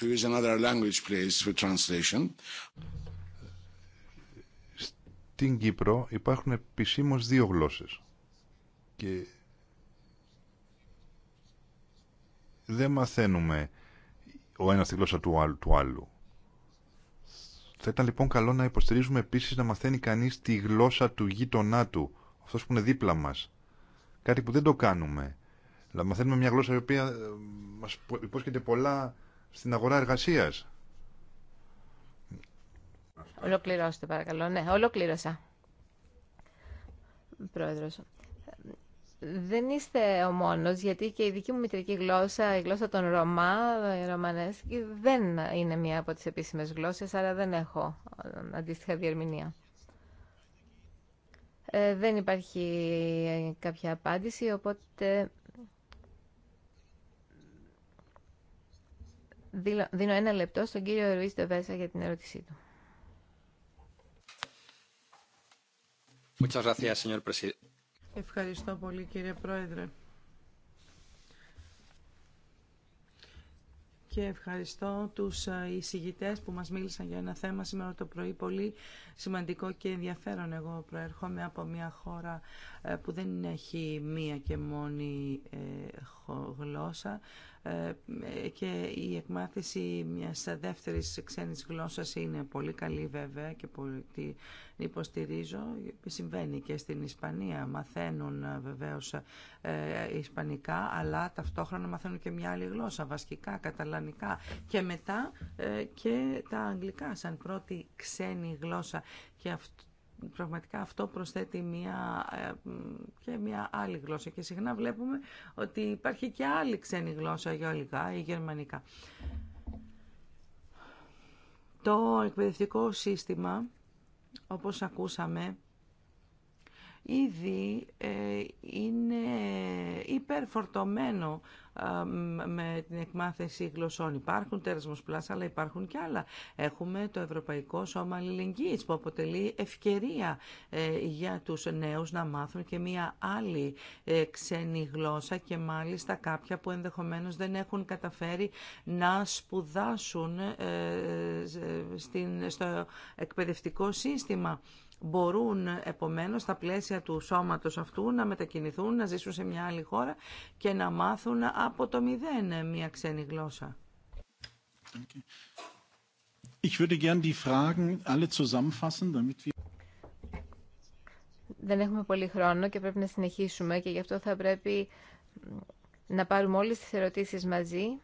to use another language please for translation. Στην Κύπρο υπάρχουν επισήμως δύο γλώσσες και δεν μαθαίνουμε ο ένας τη γλώσσα του άλλου. Του άλλου. Θα ήταν λοιπόν καλό να υποστηρίζουμε επίσης να μαθαίνει κανείς τη γλώσσα του γείτονά του αυτός που είναι δίπλα μας. Κάτι που δεν το κάνουμε. Δηλαδή μαθαίνουμε μια γλώσσα η οποία ε, μας υπόσχεται πολλά στην αγορά εργασίας. Ολοκληρώστε παρακαλώ. Ναι, ολοκλήρωσα. Πρόεδρος. Δεν είστε ο μόνος, γιατί και η δική μου μητρική γλώσσα, η γλώσσα των Ρωμά, η ε, Ρωμανέσκη, δεν είναι μία από τις επίσημες γλώσσες, άρα δεν έχω ε, αντίστοιχα διερμηνία. Ε, δεν υπάρχει ε, κάποια απάντηση, οπότε δίνω ένα λεπτό στον κύριο Ρουίς Τεβέσα για την ερώτησή του. Ευχαριστώ πολύ κύριε Πρόεδρε. και ευχαριστώ τους ε, εισηγητές που μας μίλησαν για ένα θέμα σήμερα το πρωί πολύ σημαντικό και ενδιαφέρον. Εγώ προερχόμαι από μια χώρα ε, που δεν έχει μία και μόνη ε, γλώσσα. Ε, και η εκμάθηση μιας δεύτερης ξένης γλώσσας είναι πολύ καλή βέβαια και την υποστηρίζω. Συμβαίνει και στην Ισπανία. Μαθαίνουν ε, βεβαίως ε, Ισπανικά, αλλά ταυτόχρονα μαθαίνουν και μια άλλη γλώσσα, βασκικά, καταλανικά και μετά και τα αγγλικά σαν πρώτη ξένη γλώσσα. Και αυτό πραγματικά αυτό προσθέτει μια, ε, και μια άλλη γλώσσα και συχνά βλέπουμε ότι υπάρχει και άλλη ξένη γλώσσα για ολικά ή γερμανικά. Το εκπαιδευτικό σύστημα, όπως ακούσαμε, ήδη ε, είναι υπερφορτωμένο με την εκμάθηση γλωσσών. Υπάρχουν τέρασμος πλάσα, αλλά υπάρχουν και άλλα. Έχουμε το Ευρωπαϊκό Σώμα Αλληλεγγύης που αποτελεί ευκαιρία ε, για τους νέους να μάθουν και μία άλλη ε, ξένη γλώσσα και μάλιστα κάποια που ενδεχομένως δεν έχουν καταφέρει να σπουδάσουν ε, στο εκπαιδευτικό σύστημα μπορούν επομένως στα πλαίσια του σώματος αυτού να μετακινηθούν, να ζήσουν σε μια άλλη χώρα και να μάθουν από το μηδέν μια ξένη γλώσσα. Ich würde gern die Fragen alle zusammenfassen, damit wir δεν έχουμε πολύ χρόνο και πρέπει να συνεχίσουμε και γι' αυτό θα πρέπει να πάρουμε όλες τις ερωτήσεις μαζί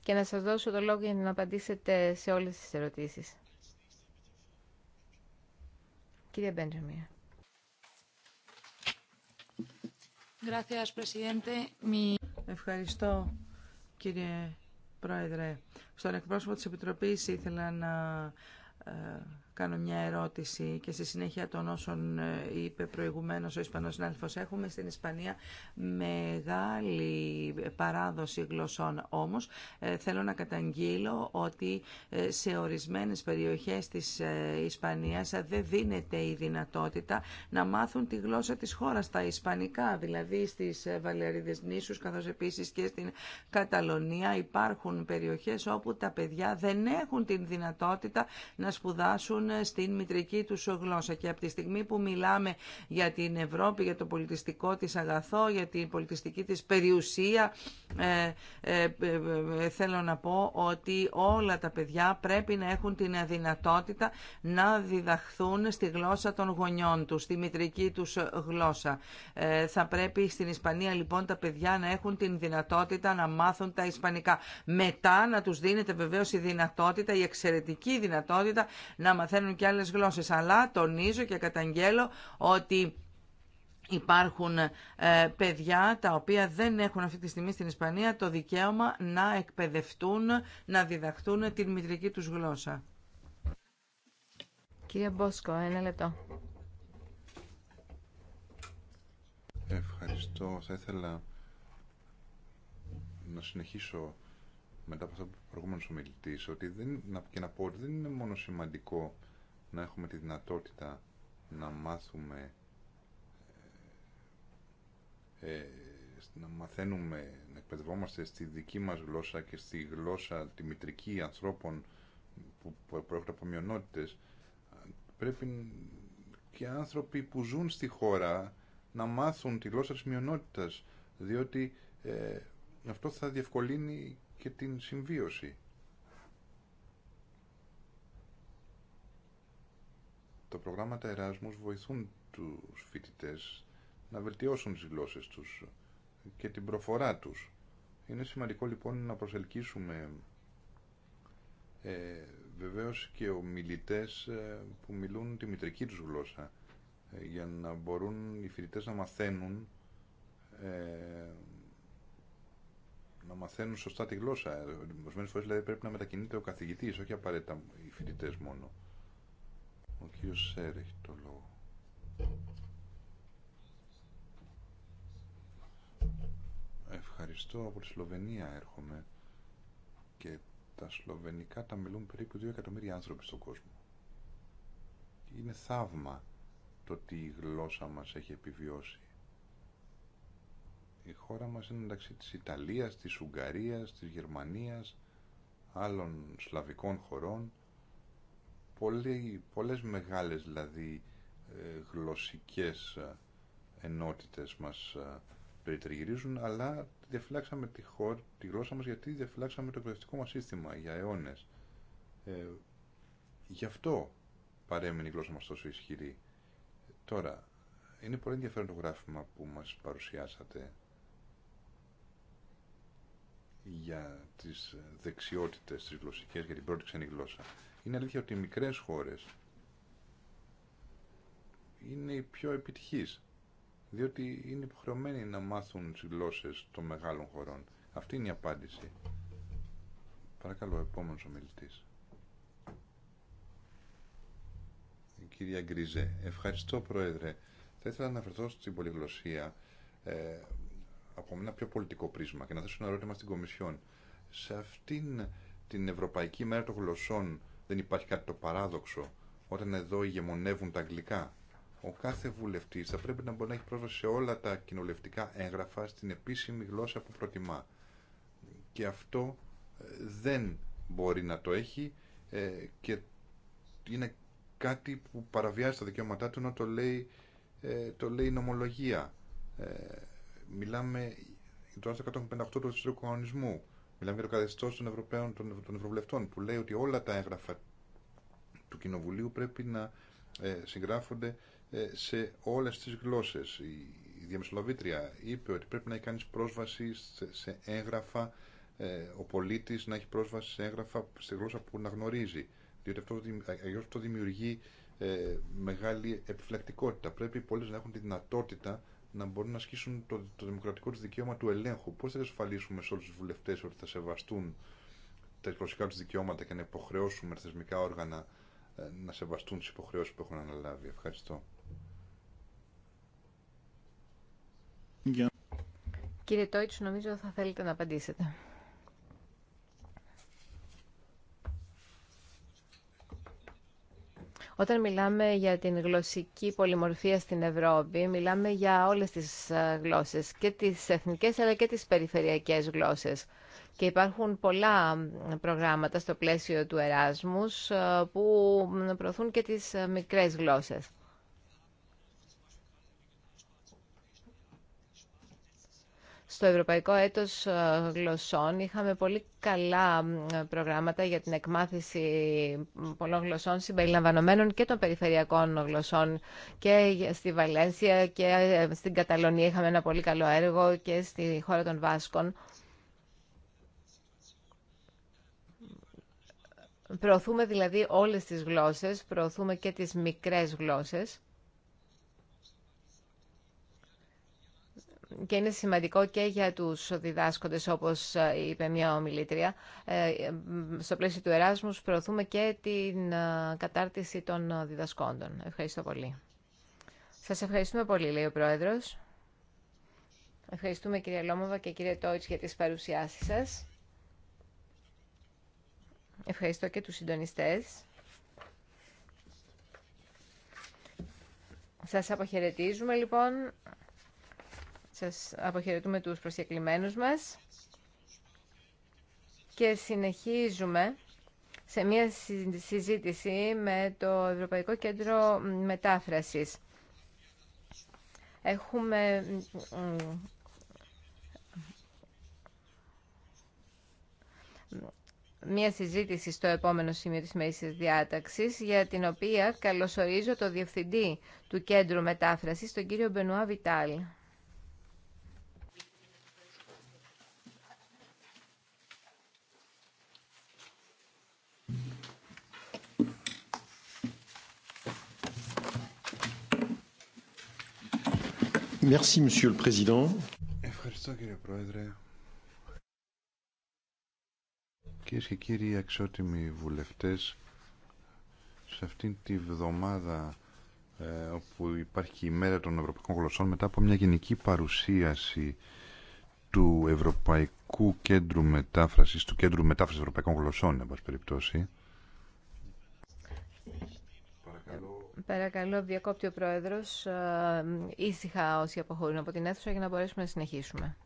και να σας δώσω το λόγο για να απαντήσετε σε όλες τις ερωτήσεις. Κυρία Ευχαριστώ, κύριε Πρόεδρε. Στον εκπρόσωπο της Επιτροπής ήθελα να ε, κάνω μια ερώτηση και στη συνέχεια των όσων ε, είπε προηγουμένως ο Ισπανός συνάδελφος. Έχουμε στην Ισπανία μεγάλη παράδοση γλωσσών. Όμως ε, θέλω να καταγγείλω ότι ε, σε ορισμένες περιοχές της Ισπανίας δεν δίνεται η δυνατότητα να μάθουν τη γλώσσα της χώρας, τα ισπανικά, δηλαδή στις Βαλερίδες νήσους, καθώς επίσης και στην Καταλωνία υπάρχουν περιοχές όπου τα παιδιά δεν έχουν την δυνατότητα να σπουδάσουν στην μητρική τους γλώσσα. Και από τη στιγμή που μιλάμε για την Ευρώπη, για το πολιτιστικό της αγαθό, για την πολιτιστική της περιουσία, ε, ε, ε, θέλω να πω ότι όλα τα παιδιά πρέπει να έχουν την δυνατότητα να διδαχθούν στη γλώσσα των γονιών τους, στη μητρική τους γλώσσα. Θα πρέπει στην Ισπανία λοιπόν τα παιδιά να έχουν την δυνατότητα να μάθουν τα Ισπανικά. Μετά να τους δίνεται βεβαίως η δυνατότητα, η εξαιρετική δυνατότητα να μαθαίνουν μαθαίνουν και άλλες γλώσσες. Αλλά τονίζω και καταγγέλω ότι υπάρχουν ε, παιδιά τα οποία δεν έχουν αυτή τη στιγμή στην Ισπανία το δικαίωμα να εκπαιδευτούν, να διδαχτούν την μητρική τους γλώσσα. Κύριε Μπόσκο, ένα λεπτό. Ευχαριστώ. Θα ήθελα να συνεχίσω μετά από αυτό που προηγούμενος ομιλητής ότι δεν, και να πω ότι δεν είναι μόνο σημαντικό να έχουμε τη δυνατότητα να μάθουμε ε, ε, να μαθαίνουμε, να εκπαιδευόμαστε στη δική μας γλώσσα και στη γλώσσα τη μητρική ανθρώπων που προέρχονται από μειονότητες πρέπει και άνθρωποι που ζουν στη χώρα να μάθουν τη γλώσσα της μειονότητας διότι ε, αυτό θα διευκολύνει και την συμβίωση Τα προγράμματα Εράσμους βοηθούν τους φοιτητές να βελτιώσουν τις γλώσσες τους και την προφορά τους. Είναι σημαντικό λοιπόν να προσελκύσουμε ε, βεβαίως και ομιλητές ε, που μιλούν τη μητρική τους γλώσσα ε, για να μπορούν οι φοιτητές να μαθαίνουν ε, να μαθαίνουν σωστά τη γλώσσα. Ορισμένε φορέ δηλαδή πρέπει να μετακινείται ο καθηγητή, όχι απαραίτητα οι φοιτητέ μόνο. Ο κύριος Σέρ έχει το λόγο. Ευχαριστώ. Από τη Σλοβενία έρχομαι και τα σλοβενικά τα μιλούν περίπου 2 εκατομμύρια άνθρωποι στον κόσμο. Είναι θαύμα το ότι η γλώσσα μας έχει επιβιώσει. Η χώρα μας είναι μεταξύ της Ιταλίας, της Ουγγαρίας, της Γερμανίας, άλλων σλαβικών χωρών πολλές, πολλές μεγάλες δηλαδή ε, γλωσσικές ε, ενότητες μας ε, περιτριγυρίζουν, αλλά διαφυλάξαμε τη, χώρα, τη γλώσσα μας γιατί διαφυλάξαμε το εκπαιδευτικό μας σύστημα για αιώνες. Ε, γι' αυτό παρέμεινε η γλώσσα μας τόσο ισχυρή. Τώρα, είναι πολύ ενδιαφέρον το γράφημα που μας παρουσιάσατε για τις δεξιότητες, τις γλωσσικές, για την πρώτη ξένη γλώσσα. Είναι αλήθεια ότι οι μικρές χώρες είναι οι πιο επιτυχείς, διότι είναι υποχρεωμένοι να μάθουν τις γλώσσες των μεγάλων χωρών. Αυτή είναι η απάντηση. Παρακαλώ, επόμενος ομιλητής. Η κυρία Γκριζέ, ευχαριστώ Πρόεδρε. Θα ήθελα να αναφερθώ στην πολυγλωσσία ε, από ένα πιο πολιτικό πρίσμα και να θέσω ένα ερώτημα στην Κομισιόν. Σε αυτήν την Ευρωπαϊκή Μέρα των Γλωσσών δεν υπάρχει κάτι το παράδοξο όταν εδώ ηγεμονεύουν τα αγγλικά. Ο κάθε βουλευτή θα πρέπει να μπορεί να έχει πρόσβαση σε όλα τα κοινοβουλευτικά έγγραφα στην επίσημη γλώσσα που προτιμά. Και αυτό ε, δεν μπορεί να το έχει ε, και είναι κάτι που παραβιάζει τα δικαιώματά του να το λέει, ε, το λέει η νομολογία. μιλάμε το το 158 του Ευρωπαϊκού Κανονισμού Μιλάμε για το καθεστώ των Ευρωπαίων, των, των Ευρωβουλευτών, που λέει ότι όλα τα έγγραφα του Κοινοβουλίου πρέπει να ε, συγγράφονται ε, σε όλες τις γλώσσες. Η, η διαμεσολαβήτρια είπε ότι πρέπει να έχει κάνει πρόσβαση σε, έγγραφα, ε, ο πολίτης να έχει πρόσβαση σε έγγραφα στη γλώσσα που να γνωρίζει. Διότι αυτό, αυτό δημιουργεί μεγάλη επιφυλακτικότητα. Πρέπει οι πολίτες να έχουν τη δυνατότητα να μπορούν να ασκήσουν το, το δημοκρατικό του δικαίωμα του ελέγχου. Πώ θα διασφαλίσουμε σε όλου του βουλευτέ ότι θα σεβαστούν τα εκπροσωπικά του δικαιώματα και να υποχρεώσουμε θεσμικά όργανα ε, να σεβαστούν τι υποχρεώσει που έχουν αναλάβει. Ευχαριστώ. Κύριε Τόιτς, νομίζω θα θέλετε να απαντήσετε. Όταν μιλάμε για την γλωσσική πολυμορφία στην Ευρώπη, μιλάμε για όλες τις ε, γλώσσες, και τις εθνικές αλλά και τις περιφερειακές γλώσσες. Και υπάρχουν πολλά προγράμματα στο πλαίσιο του Εράσμους ε, που προωθούν και τις ε, μικρές γλώσσες. Στο Ευρωπαϊκό Έτος ε, Γλωσσών είχαμε πολύ καλά προγράμματα για την εκμάθηση πολλών γλωσσών συμπεριλαμβανομένων και των περιφερειακών γλωσσών και στη Βαλένσια και ε, στην Καταλονία είχαμε ένα πολύ καλό έργο και στη χώρα των Βάσκων. Προωθούμε δηλαδή όλες τις γλώσσες, προωθούμε και τις μικρές γλώσσες. και είναι σημαντικό και για τους διδάσκοντες, όπως ε, είπε μια ομιλήτρια. Ε, στο πλαίσιο του Εράσμους προωθούμε και την ε, κατάρτιση των διδασκόντων. Ευχαριστώ πολύ. Σας ευχαριστούμε πολύ, λέει ο Πρόεδρος. Ευχαριστούμε κυρία Λόμοβα και κύριε Τόιτς για τις παρουσιάσεις σας. Ευχαριστώ και τους συντονιστές. Σας αποχαιρετίζουμε λοιπόν. Σας αποχαιρετούμε τους προσκεκλημένους μας και συνεχίζουμε σε μια συζήτηση με το Ευρωπαϊκό Κέντρο Μετάφρασης. Έχουμε μια συζήτηση στο επόμενο σημείο της μέσης διάταξης, για την οποία καλωσορίζω το Διευθυντή του Κέντρου Μετάφρασης, τον κύριο Μπενουά Βιτάλ. Monsieur le Président. Ευχαριστώ κύριε Πρόεδρε. Κυρίες και κύριοι αξιότιμοι βουλευτές, σε αυτήν τη βδομάδα ε, όπου υπάρχει η μέρα των Ευρωπαϊκών Γλωσσών μετά από μια γενική παρουσίαση του Ευρωπαϊκού Κέντρου Μετάφρασης, του Κέντρου Μετάφρασης Ευρωπαϊκών Γλωσσών, εν πάση περιπτώσει, Παρακαλώ, διακόπτει ο πρόεδρο. Ε, ήσυχα όσοι αποχωρούν από την αίθουσα για να μπορέσουμε να συνεχίσουμε.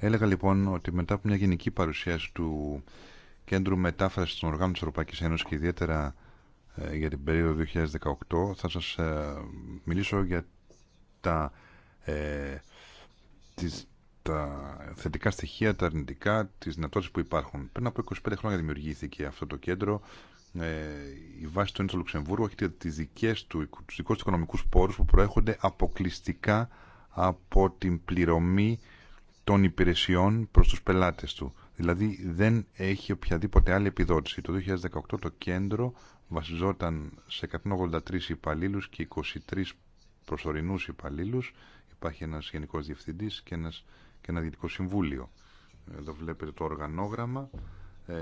Έλεγα λοιπόν ότι μετά από μια γενική παρουσίαση του Κέντρου Μετάφραση των Οργάνων τη Ευρωπαϊκή Ένωση και ιδιαίτερα ε, για την περίοδο 2018 θα σα ε, μιλήσω για τα, ε, τις, τα θετικά στοιχεία, τα αρνητικά, τι δυνατότητε που υπάρχουν. Πριν από 25 χρόνια δημιουργήθηκε αυτό το κέντρο ε, η βάση του είναι στο Λουξεμβούργο έχει τις δικές του, του οικονομικούς πόρους που προέρχονται αποκλειστικά από την πληρωμή των υπηρεσιών προς τους πελάτες του. Δηλαδή δεν έχει οποιαδήποτε άλλη επιδότηση. Το 2018 το κέντρο βασιζόταν σε 183 υπαλλήλους και 23 προσωρινούς υπαλλήλους. Υπάρχει ένας γενικός διευθυντής και, και ένα διοικητικό συμβούλιο. Εδώ βλέπετε το οργανόγραμμα. Ε,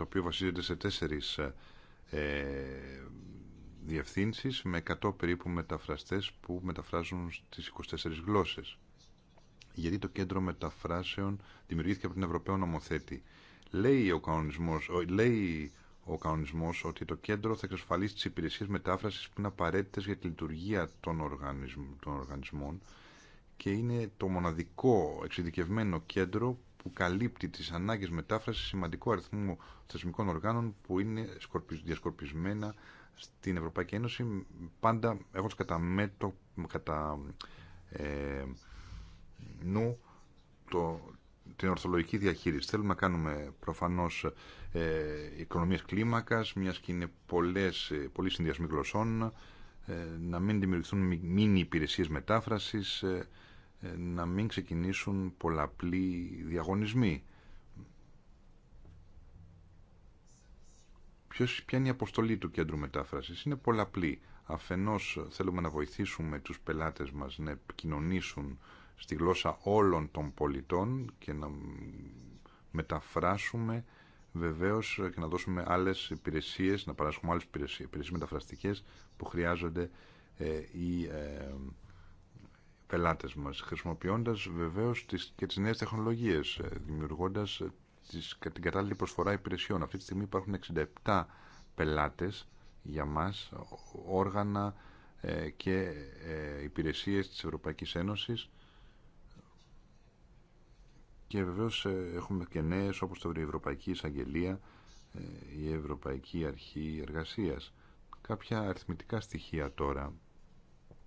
το οποίο βασίζεται σε τέσσερις ε, ε διευθύνσεις με 100 περίπου μεταφραστές που μεταφράζουν στις 24 γλώσσες. Γιατί το κέντρο μεταφράσεων δημιουργήθηκε από την Ευρωπαίο νομοθέτη. Λέει ο κανονισμός, λέει ο κανονισμός ότι το κέντρο θα εξασφαλίσει τις υπηρεσίες μετάφρασης που είναι απαραίτητες για τη λειτουργία των οργανισμών και είναι το μοναδικό εξειδικευμένο κέντρο που καλύπτει τις ανάγκες μετάφρασης σημαντικού αριθμού θεσμικών οργάνων που είναι διασκορπισμένα στην Ευρωπαϊκή Ένωση πάντα έχοντας κατά, μέτω, κατά ε, νου το, την ορθολογική διαχείριση. Θέλουμε να κάνουμε προφανώς ε, οικονομίες κλίμακας, μιας και είναι πολλές, ε, πολλοί συνδυασμοί γλωσσών, ε, να μην δημιουργηθούν μήνυ υπηρεσίες μετάφρασης, ε, ε, να μην ξεκινήσουν πολλαπλοί διαγωνισμοί. Ποιος, ποια είναι η αποστολή του κέντρου μετάφρασης. Είναι πολλαπλή. Αφενός θέλουμε να βοηθήσουμε τους πελάτες μας να επικοινωνήσουν στη γλώσσα όλων των πολιτών και να μεταφράσουμε βεβαίως και να δώσουμε άλλες υπηρεσίες, να παράσχουμε άλλες υπηρεσίες, υπηρεσίες μεταφραστικές που χρειάζονται ε, οι ε, πελάτες μας, χρησιμοποιώντας βεβαίως τις, και τις νέες τεχνολογίες, ε, δημιουργώντας ε, τις, την κατάλληλη προσφορά υπηρεσιών. Αυτή τη στιγμή υπάρχουν 67 πελάτες για μας, όργανα ε, και ε, υπηρεσίες της Ευρωπαϊκής Ένωσης και βεβαίως έχουμε και νέες όπως το Ευρωπαϊκή Εισαγγελία, η Ευρωπαϊκή Αρχή Εργασίας. Κάποια αριθμητικά στοιχεία τώρα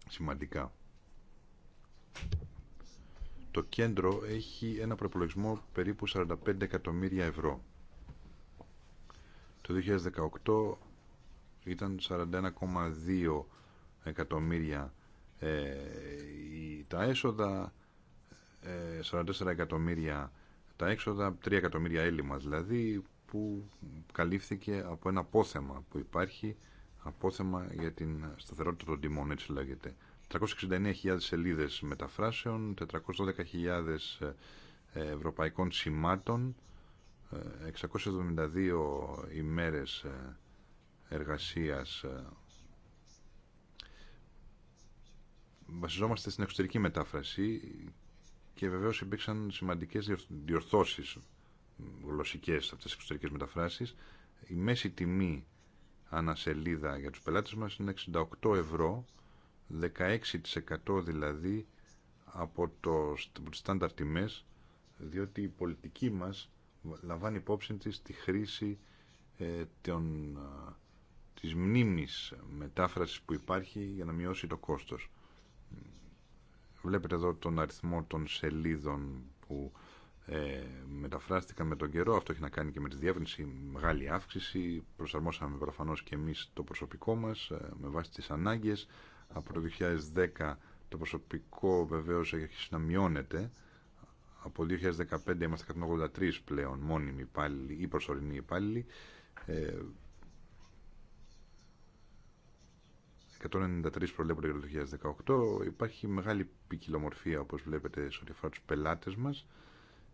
σημαντικά. Το κέντρο έχει ένα προπολογισμό περίπου 45 εκατομμύρια ευρώ. Το 2018 ήταν 41,2 εκατομμύρια ε, τα έσοδα, 44 ε, εκατομμύρια τα έξοδα, 3 εκατομμύρια έλλειμμα δηλαδή, που καλύφθηκε από ένα απόθεμα που υπάρχει, απόθεμα για την σταθερότητα των τιμών, έτσι λέγεται. 369.000 σελίδες μεταφράσεων, 412.000 ε, ευρωπαϊκών σημάτων, 672 ε, ημέρες ε, εργασίας. Βασιζόμαστε στην εξωτερική μετάφραση και βεβαίως υπήρξαν σημαντικές διορθώσεις γλωσσικές αυτές τις εξωτερικές μεταφράσεις. Η μέση τιμή ανασελίδα για τους πελάτες μας είναι 68 ευρώ 16% δηλαδή από το στάνταρ τιμές διότι η πολιτική μας λαμβάνει υπόψη της τη χρήση ε, των, της μνήμης μετάφρασης που υπάρχει για να μειώσει το κόστος. Βλέπετε εδώ τον αριθμό των σελίδων που ε, μεταφράστηκαν με τον καιρό. Αυτό έχει να κάνει και με τη διεύρυνση, μεγάλη αύξηση. Προσαρμόσαμε προφανώς και εμείς το προσωπικό μας ε, με βάση τις ανάγκες από το 2010 το προσωπικό βεβαίως έχει αρχίσει να μειώνεται από 2015 είμαστε 183 πλέον μόνιμοι υπάλληλοι ή προσωρινοί υπάλληλοι 193 ε, προβλέπονται για το 2018 υπάρχει μεγάλη ποικιλομορφία όπως βλέπετε σε ό,τι αφορά τους πελάτες μας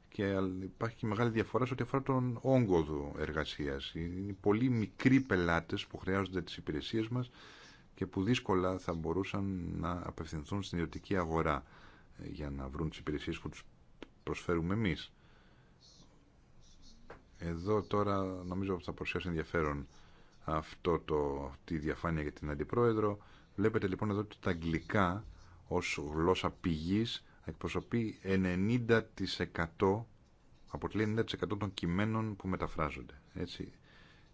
και υπάρχει και μεγάλη διαφορά σε ό,τι αφορά τον όγκο εργασίας είναι πολύ μικροί πελάτες που χρειάζονται τις υπηρεσίες μας και που δύσκολα θα μπορούσαν να απευθυνθούν στην ιδιωτική αγορά ε, για να βρουν τις υπηρεσίες που τους προσφέρουμε εμείς. Εδώ τώρα νομίζω ότι θα προσφέρει ενδιαφέρον αυτό το, αυτή η διαφάνεια για την Αντιπρόεδρο. Βλέπετε λοιπόν εδώ ότι τα αγγλικά ως γλώσσα πηγής εκπροσωπεί 90% αποτελεί 90% των κειμένων που μεταφράζονται. Έτσι.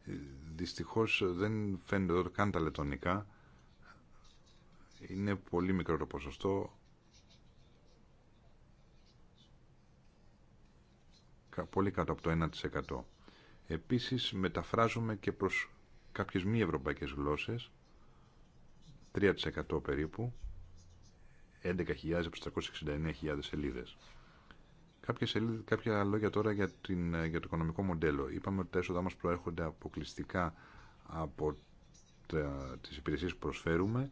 Ε, δυστυχώς δεν φαίνεται εδώ καν τα λετωνικά είναι πολύ μικρό το ποσοστό. Πολύ κάτω από το 1%. Επίσης μεταφράζουμε και προς κάποιες μη ευρωπαϊκές γλώσσες 3% περίπου 11.769.000 σελίδες. Κάποια, σελίδες, κάποια λόγια τώρα για, την, για το οικονομικό μοντέλο. Είπαμε ότι τα έσοδά μας προέρχονται αποκλειστικά από τα, τις υπηρεσίες που προσφέρουμε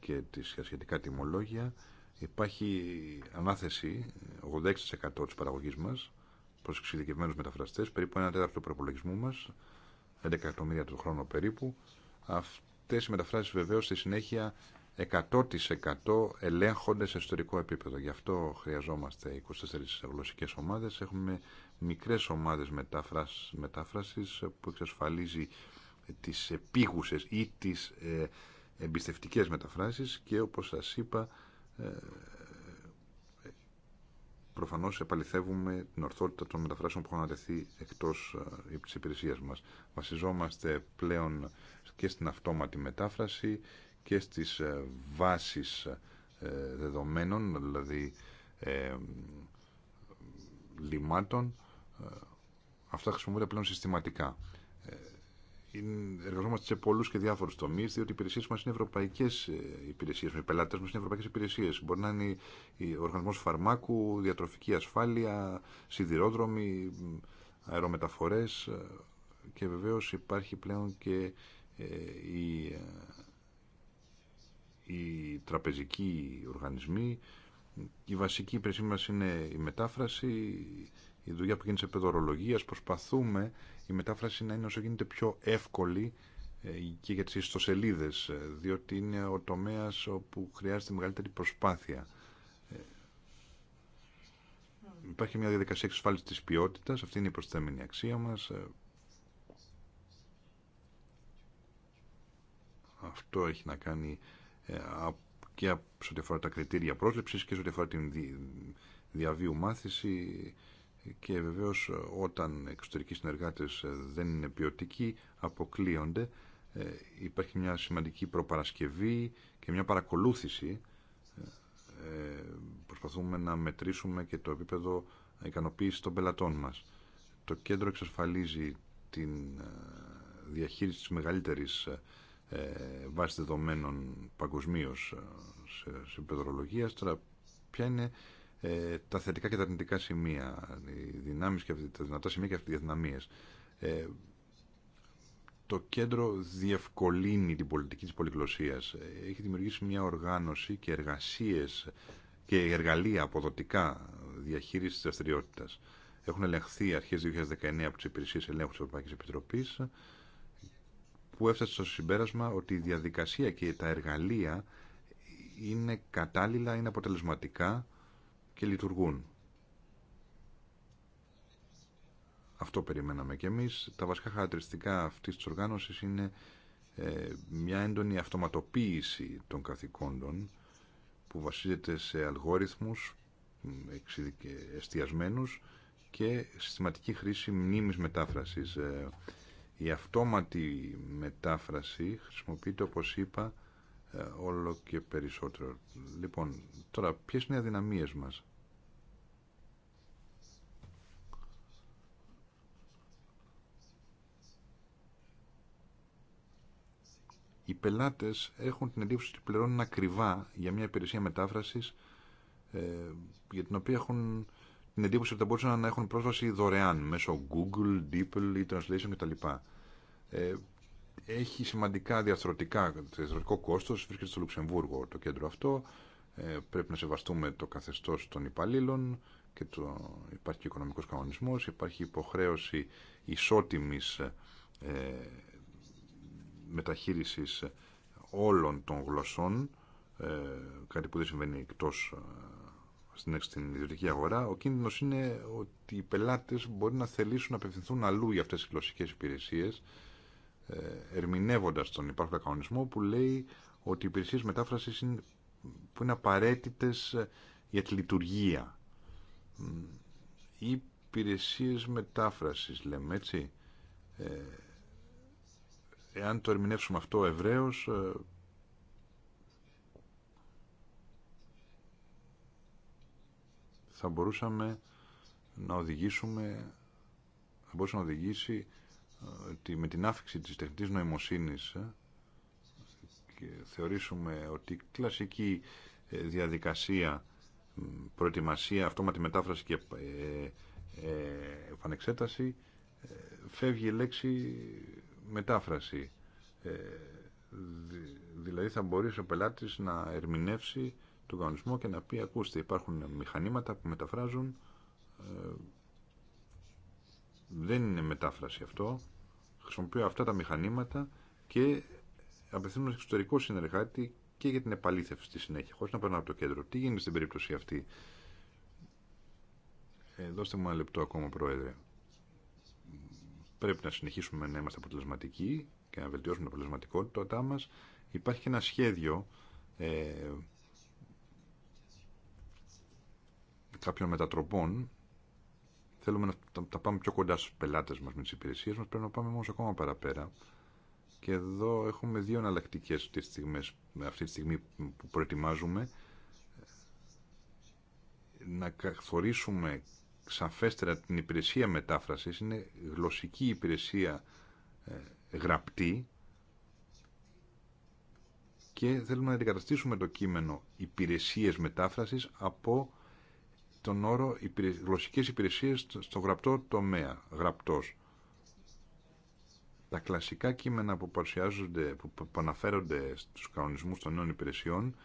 και τις σχετικά τιμολόγια υπάρχει ανάθεση 86% της παραγωγής μας προς εξειδικευμένους μεταφραστές, περίπου ένα τέταρτο προπολογισμού μας, 11 εκατομμύρια του χρόνου περίπου. Αυτές οι μεταφράσεις βεβαίως στη συνέχεια 100% ελέγχονται σε ιστορικό επίπεδο. Γι' αυτό χρειαζόμαστε 24 γλωσσικές ομάδες. Έχουμε μικρές ομάδες μετάφρασης, που εξασφαλίζει τις επίγουσες ή τις ε, εμπιστευτικές μεταφράσεις και όπως σας είπα ε, προφανώς επαληθεύουμε την ορθότητα των μεταφράσεων που έχουν ανατεθεί εκτός ε, της υπηρεσία μας. Βασιζόμαστε πλέον και στην αυτόματη μετάφραση και στις ε, βάσεις δεδομένων, δηλαδή ε, λιμάτων. Αυτά χρησιμοποιούνται πλέον συστηματικά εργαζόμαστε σε πολλού και διάφορου τομεί, διότι οι υπηρεσίε μα είναι ευρωπαϊκέ ε, υπηρεσίε. Οι πελάτε μα είναι ευρωπαϊκέ υπηρεσίε. Μπορεί να είναι ο οργανισμό φαρμάκου, διατροφική ασφάλεια, σιδηρόδρομοι, αερομεταφορέ ε, και βεβαίω υπάρχει πλέον και οι ε, η τραπεζικοί οργανισμοί. Η βασική υπηρεσία μα είναι η μετάφραση, η δουλειά που γίνεται σε παιδορολογία. Προσπαθούμε η μετάφραση να είναι όσο γίνεται πιο εύκολη ε, και για τις ιστοσελίδες, ε, διότι είναι ο τομέας όπου χρειάζεται μεγαλύτερη προσπάθεια. Ε, υπάρχει μια διαδικασία εξασφάλισης της ποιότητας, αυτή είναι η προσθέμενη αξία μας. Αυτό έχει να κάνει και σε ό,τι αφορά τα κριτήρια πρόσληψης και σε ό,τι αφορά την διαβίου μάθηση και βεβαίως όταν εξωτερικοί συνεργάτες ε, δεν είναι ποιοτικοί αποκλείονται ε, υπάρχει μια σημαντική προπαρασκευή και μια παρακολούθηση ε, προσπαθούμε να μετρήσουμε και το επίπεδο ικανοποίηση των πελατών μας το κέντρο εξασφαλίζει την διαχείριση της μεγαλύτερης βάσης δεδομένων παγκοσμίω σε, πεδρολογία. Τώρα, ποια είναι ε, τα θετικά και τα αρνητικά σημεία, οι δυνάμεις και τα δυνατά σημεία και αυτές αδυναμίες. Ε, το κέντρο διευκολύνει την πολιτική της πολυγλωσσίας. Ε, έχει δημιουργήσει μια οργάνωση και εργασίες και εργαλεία αποδοτικά διαχείρισης της δραστηριότητα. Έχουν ελεγχθεί αρχές 2019 από τις υπηρεσίες ελέγχου της Ευρωπαϊκής Επιτροπής που έφτασε στο συμπέρασμα ότι η διαδικασία και τα εργαλεία είναι κατάλληλα, είναι αποτελεσματικά και λειτουργούν. Αυτό περιμέναμε και εμείς. Τα βασικά χαρακτηριστικά αυτής της οργάνωσης είναι ε, μια έντονη αυτοματοποίηση των καθηκόντων που βασίζεται σε αλγόριθμους εστιασμένους και συστηματική χρήση μνήμης μετάφρασης. Ε, η αυτόματη μετάφραση χρησιμοποιείται, όπως είπα, ε, όλο και περισσότερο. Λοιπόν, τώρα, ποιες είναι οι αδυναμίες μας. οι πελάτες έχουν την εντύπωση ότι πληρώνουν ακριβά για μια υπηρεσία μετάφρασης ε, για την οποία έχουν την εντύπωση ότι θα μπορούσαν να έχουν πρόσβαση δωρεάν μέσω Google, Deeple ή Translation κτλ. Ε, έχει σημαντικά διαστρωτικά, διαστρωτικό κόστος, βρίσκεται στο Λουξεμβούργο το κέντρο αυτό, ε, πρέπει να σεβαστούμε το καθεστώς των υπαλλήλων και το, υπάρχει και οικονομικός κανονισμός, υπάρχει υποχρέωση ισότιμης ε, μεταχείρισης όλων των γλωσσών, ε, κάτι που δεν συμβαίνει εκτός ε, στην, στην ιδιωτική αγορά, ο κίνδυνος είναι ότι οι πελάτες μπορεί να θελήσουν να απευθυνθούν αλλού για αυτές τις γλωσσικές υπηρεσίες, ε, ερμηνεύοντας τον υπάρχοντα κανονισμό που λέει ότι οι υπηρεσίες μετάφρασης είναι, που είναι απαραίτητες για τη λειτουργία. Οι υπηρεσίες μετάφρασης λέμε έτσι, εάν το ερμηνεύσουμε αυτό ευρέως ε, θα μπορούσαμε να οδηγήσουμε θα μπορούσε να οδηγήσει ότι ε, με την άφηξη της τεχνητής νοημοσύνης ε, και θεωρήσουμε ότι η κλασική διαδικασία προετοιμασία, αυτόματη μετάφραση και επανεξέταση φεύγει η λέξη μετάφραση. Ε, δηλαδή θα μπορείς ο πελάτης να ερμηνεύσει τον κανονισμό και να πει ακούστε υπάρχουν μηχανήματα που μεταφράζουν ε, δεν είναι μετάφραση αυτό χρησιμοποιώ αυτά τα μηχανήματα και απευθύνω εξωτερικό συνεργάτη και για την επαλήθευση στη συνέχεια χωρίς να περνάω από το κέντρο τι γίνεται στην περίπτωση αυτή ε, δώστε μου ένα λεπτό ακόμα πρόεδρε πρέπει να συνεχίσουμε να είμαστε αποτελεσματικοί και να βελτιώσουμε την αποτελεσματικότητά μας. Υπάρχει και ένα σχέδιο ε, κάποιων μετατροπών. Θέλουμε να τα πάμε πιο κοντά στους πελάτες μας με τις υπηρεσίες μας. Πρέπει να πάμε όμως ακόμα παραπέρα. Και εδώ έχουμε δύο εναλλακτικέ αυτή τη στιγμή που προετοιμάζουμε. Να καθορίσουμε σαφέστερα την υπηρεσία μετάφρασης, είναι γλωσσική υπηρεσία ε, γραπτή και θέλουμε να αντικαταστήσουμε το κείμενο υπηρεσίες μετάφρασης από τον όρο γλωσσικές υπηρεσίες στο γραπτό τομέα, γραπτός. Τα κλασικά κείμενα που παρουσιάζονται, που αναφέρονται στους κανονισμούς των νέων υπηρεσιών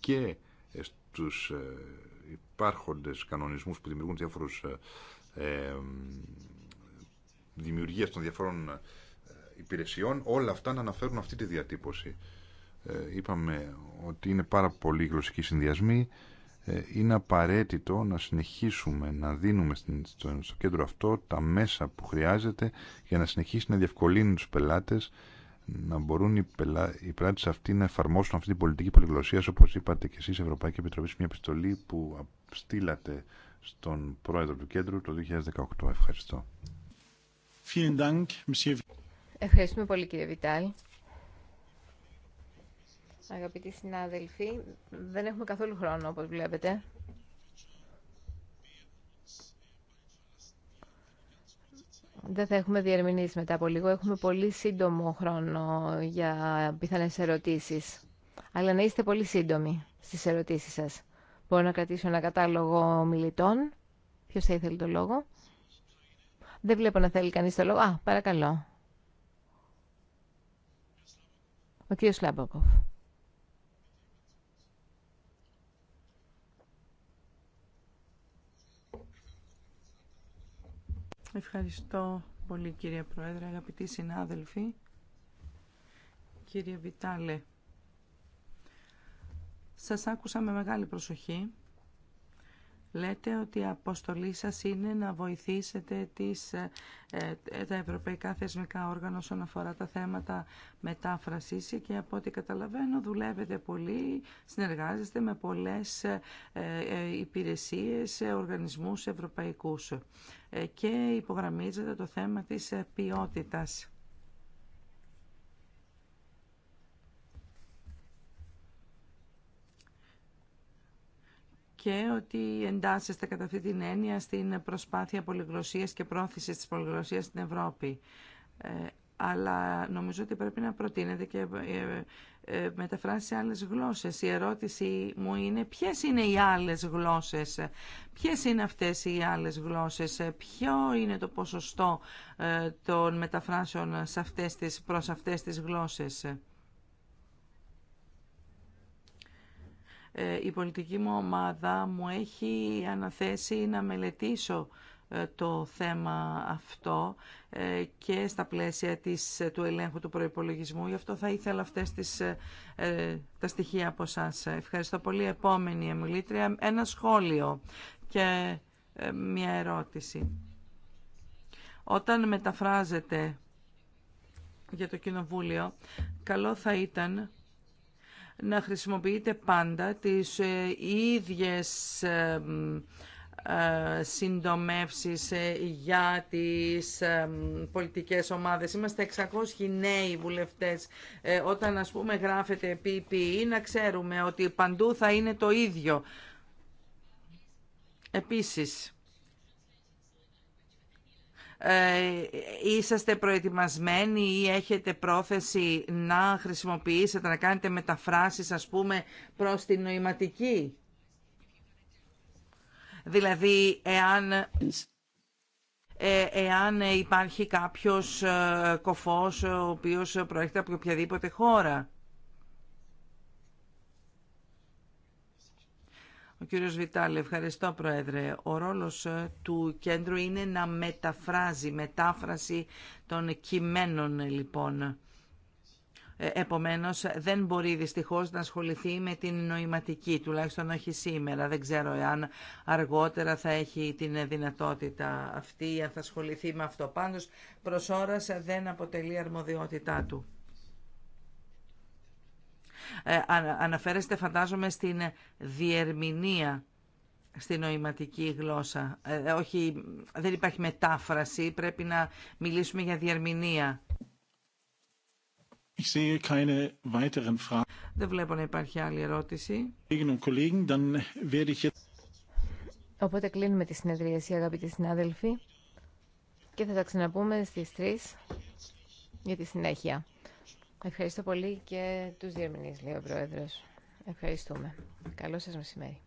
και ε, στους ε, υπάρχοντες κανονισμούς που δημιουργούν διάφορους ε, ε, δημιουργίες των διαφορών ε, υπηρεσιών, όλα αυτά να αναφέρουν αυτή τη διατύπωση. είπαμε ότι είναι πάρα πολλοί γλωσσικοί συνδυασμοί. είναι απαραίτητο να συνεχίσουμε να δίνουμε στην, στο, κέντρο αυτό τα μέσα που χρειάζεται για να συνεχίσει να διευκολύνει τους πελάτες να μπορούν οι, πελά, οι αυτοί να εφαρμόσουν αυτή την πολιτική πολυγλωσσίας όπως είπατε και εσείς Ευρωπαϊκή Επιτροπή σε μια επιστολή που στείλατε στον πρόεδρο του κέντρου το 2018. Ευχαριστώ. Ευχαριστούμε πολύ κύριε Βιτάλ. Αγαπητοί συνάδελφοι, δεν έχουμε καθόλου χρόνο όπως βλέπετε. Δεν θα έχουμε διερμηνήσει μετά από λίγο. Έχουμε πολύ σύντομο χρόνο για πιθανές ερωτήσεις. Αλλά να είστε πολύ σύντομοι στις ερωτήσεις σας. Μπορώ να κρατήσω ένα κατάλογο μιλητών. Ποιο θα ήθελε το λόγο. Δεν βλέπω να θέλει κανείς το λόγο. Α, παρακαλώ. Ο κύριο Λάμποκοφ. Ευχαριστώ πολύ κύριε Πρόεδρε, αγαπητοί συνάδελφοι. Κύριε Βιτάλε, σας άκουσα με μεγάλη προσοχή Λέτε ότι η αποστολή σας είναι να βοηθήσετε τις, ε, ε, τα ευρωπαϊκά θεσμικά όργανα όσον αφορά τα θέματα μετάφρασης και από ό,τι καταλαβαίνω δουλεύετε πολύ, συνεργάζεστε με πολλές ε, υπηρεσίες, οργανισμούς ευρωπαϊκούς και υπογραμμίζετε το θέμα της ποιότητας. και ότι εντάσσεστε κατά αυτή την έννοια στην προσπάθεια πολυγλωσσίας και πρόθεσης της πολυγλωσίας στην Ευρώπη. Ε, αλλά νομίζω ότι πρέπει να προτείνετε και ε, ε, μεταφράσει σε άλλες γλώσσες. Η ερώτηση μου είναι ποιες είναι οι άλλες γλώσσες, ποιες είναι αυτές οι άλλες γλώσσες, ποιο είναι το ποσοστό των μεταφράσεων σε αυτές τις, προς αυτές τις γλώσσες. Ε, η πολιτική μου ομάδα μου έχει αναθέσει να μελετήσω ε, το θέμα αυτό ε, και στα πλαίσια της, του ελέγχου του προϋπολογισμού. Γι' αυτό θα ήθελα αυτές τις, τα στοιχεία από σας. Ευχαριστώ πολύ. Επόμενη εμιλήτρια, ένα σχόλιο και μια ερώτηση. Όταν μεταφράζεται για το Κοινοβούλιο, καλό θα ήταν να χρησιμοποιείτε πάντα τις ε, ίδιες ε, ε, συντομεύσεις για τις πολιτικές ομάδες. Είμαστε 600 νέοι βουλευτές. Όταν ας πούμε γράφετε PPE να ξέρουμε ότι παντού θα είναι το ίδιο. Επίσης, ε, είσαστε προετοιμασμένοι ή έχετε πρόθεση να χρησιμοποιήσετε, να κάνετε μεταφράσεις ας πούμε προς την νοηματική. Δηλαδή, εάν ε, εάν υπάρχει κάποιος ε, κοφός ο οποίος προέρχεται από οποιαδήποτε χώρα. Ο κύριος Βιτάλη, ευχαριστώ Πρόεδρε. Ο ρόλος ε, του κέντρου είναι να μεταφράζει, μετάφραση των κειμένων λοιπόν. Ε, επομένως δεν μπορεί δυστυχώς να ασχοληθεί με την νοηματική, τουλάχιστον όχι σήμερα. Δεν ξέρω αν αργότερα θα έχει την δυνατότητα αυτή, αν θα ασχοληθεί με αυτό. Πάντως προς ώρας ε, δεν αποτελεί αρμοδιότητά του. Ε, αναφέρεστε φαντάζομαι στην διερμηνία στην νοηματική γλώσσα. Ε, ε, όχι, δεν υπάρχει μετάφραση, πρέπει να μιλήσουμε για διερμηνία. weiteren Fragen. Δεν βλέπω να υπάρχει άλλη ερώτηση. Οπότε κλείνουμε τη συνεδρίαση, αγαπητοί συνάδελφοι, και θα τα ξαναπούμε στις 3 για τη συνέχεια. Ευχαριστώ πολύ και τους διερμηνείς, λέει ο Πρόεδρος. Ευχαριστούμε. Καλό σας μεσημέρι.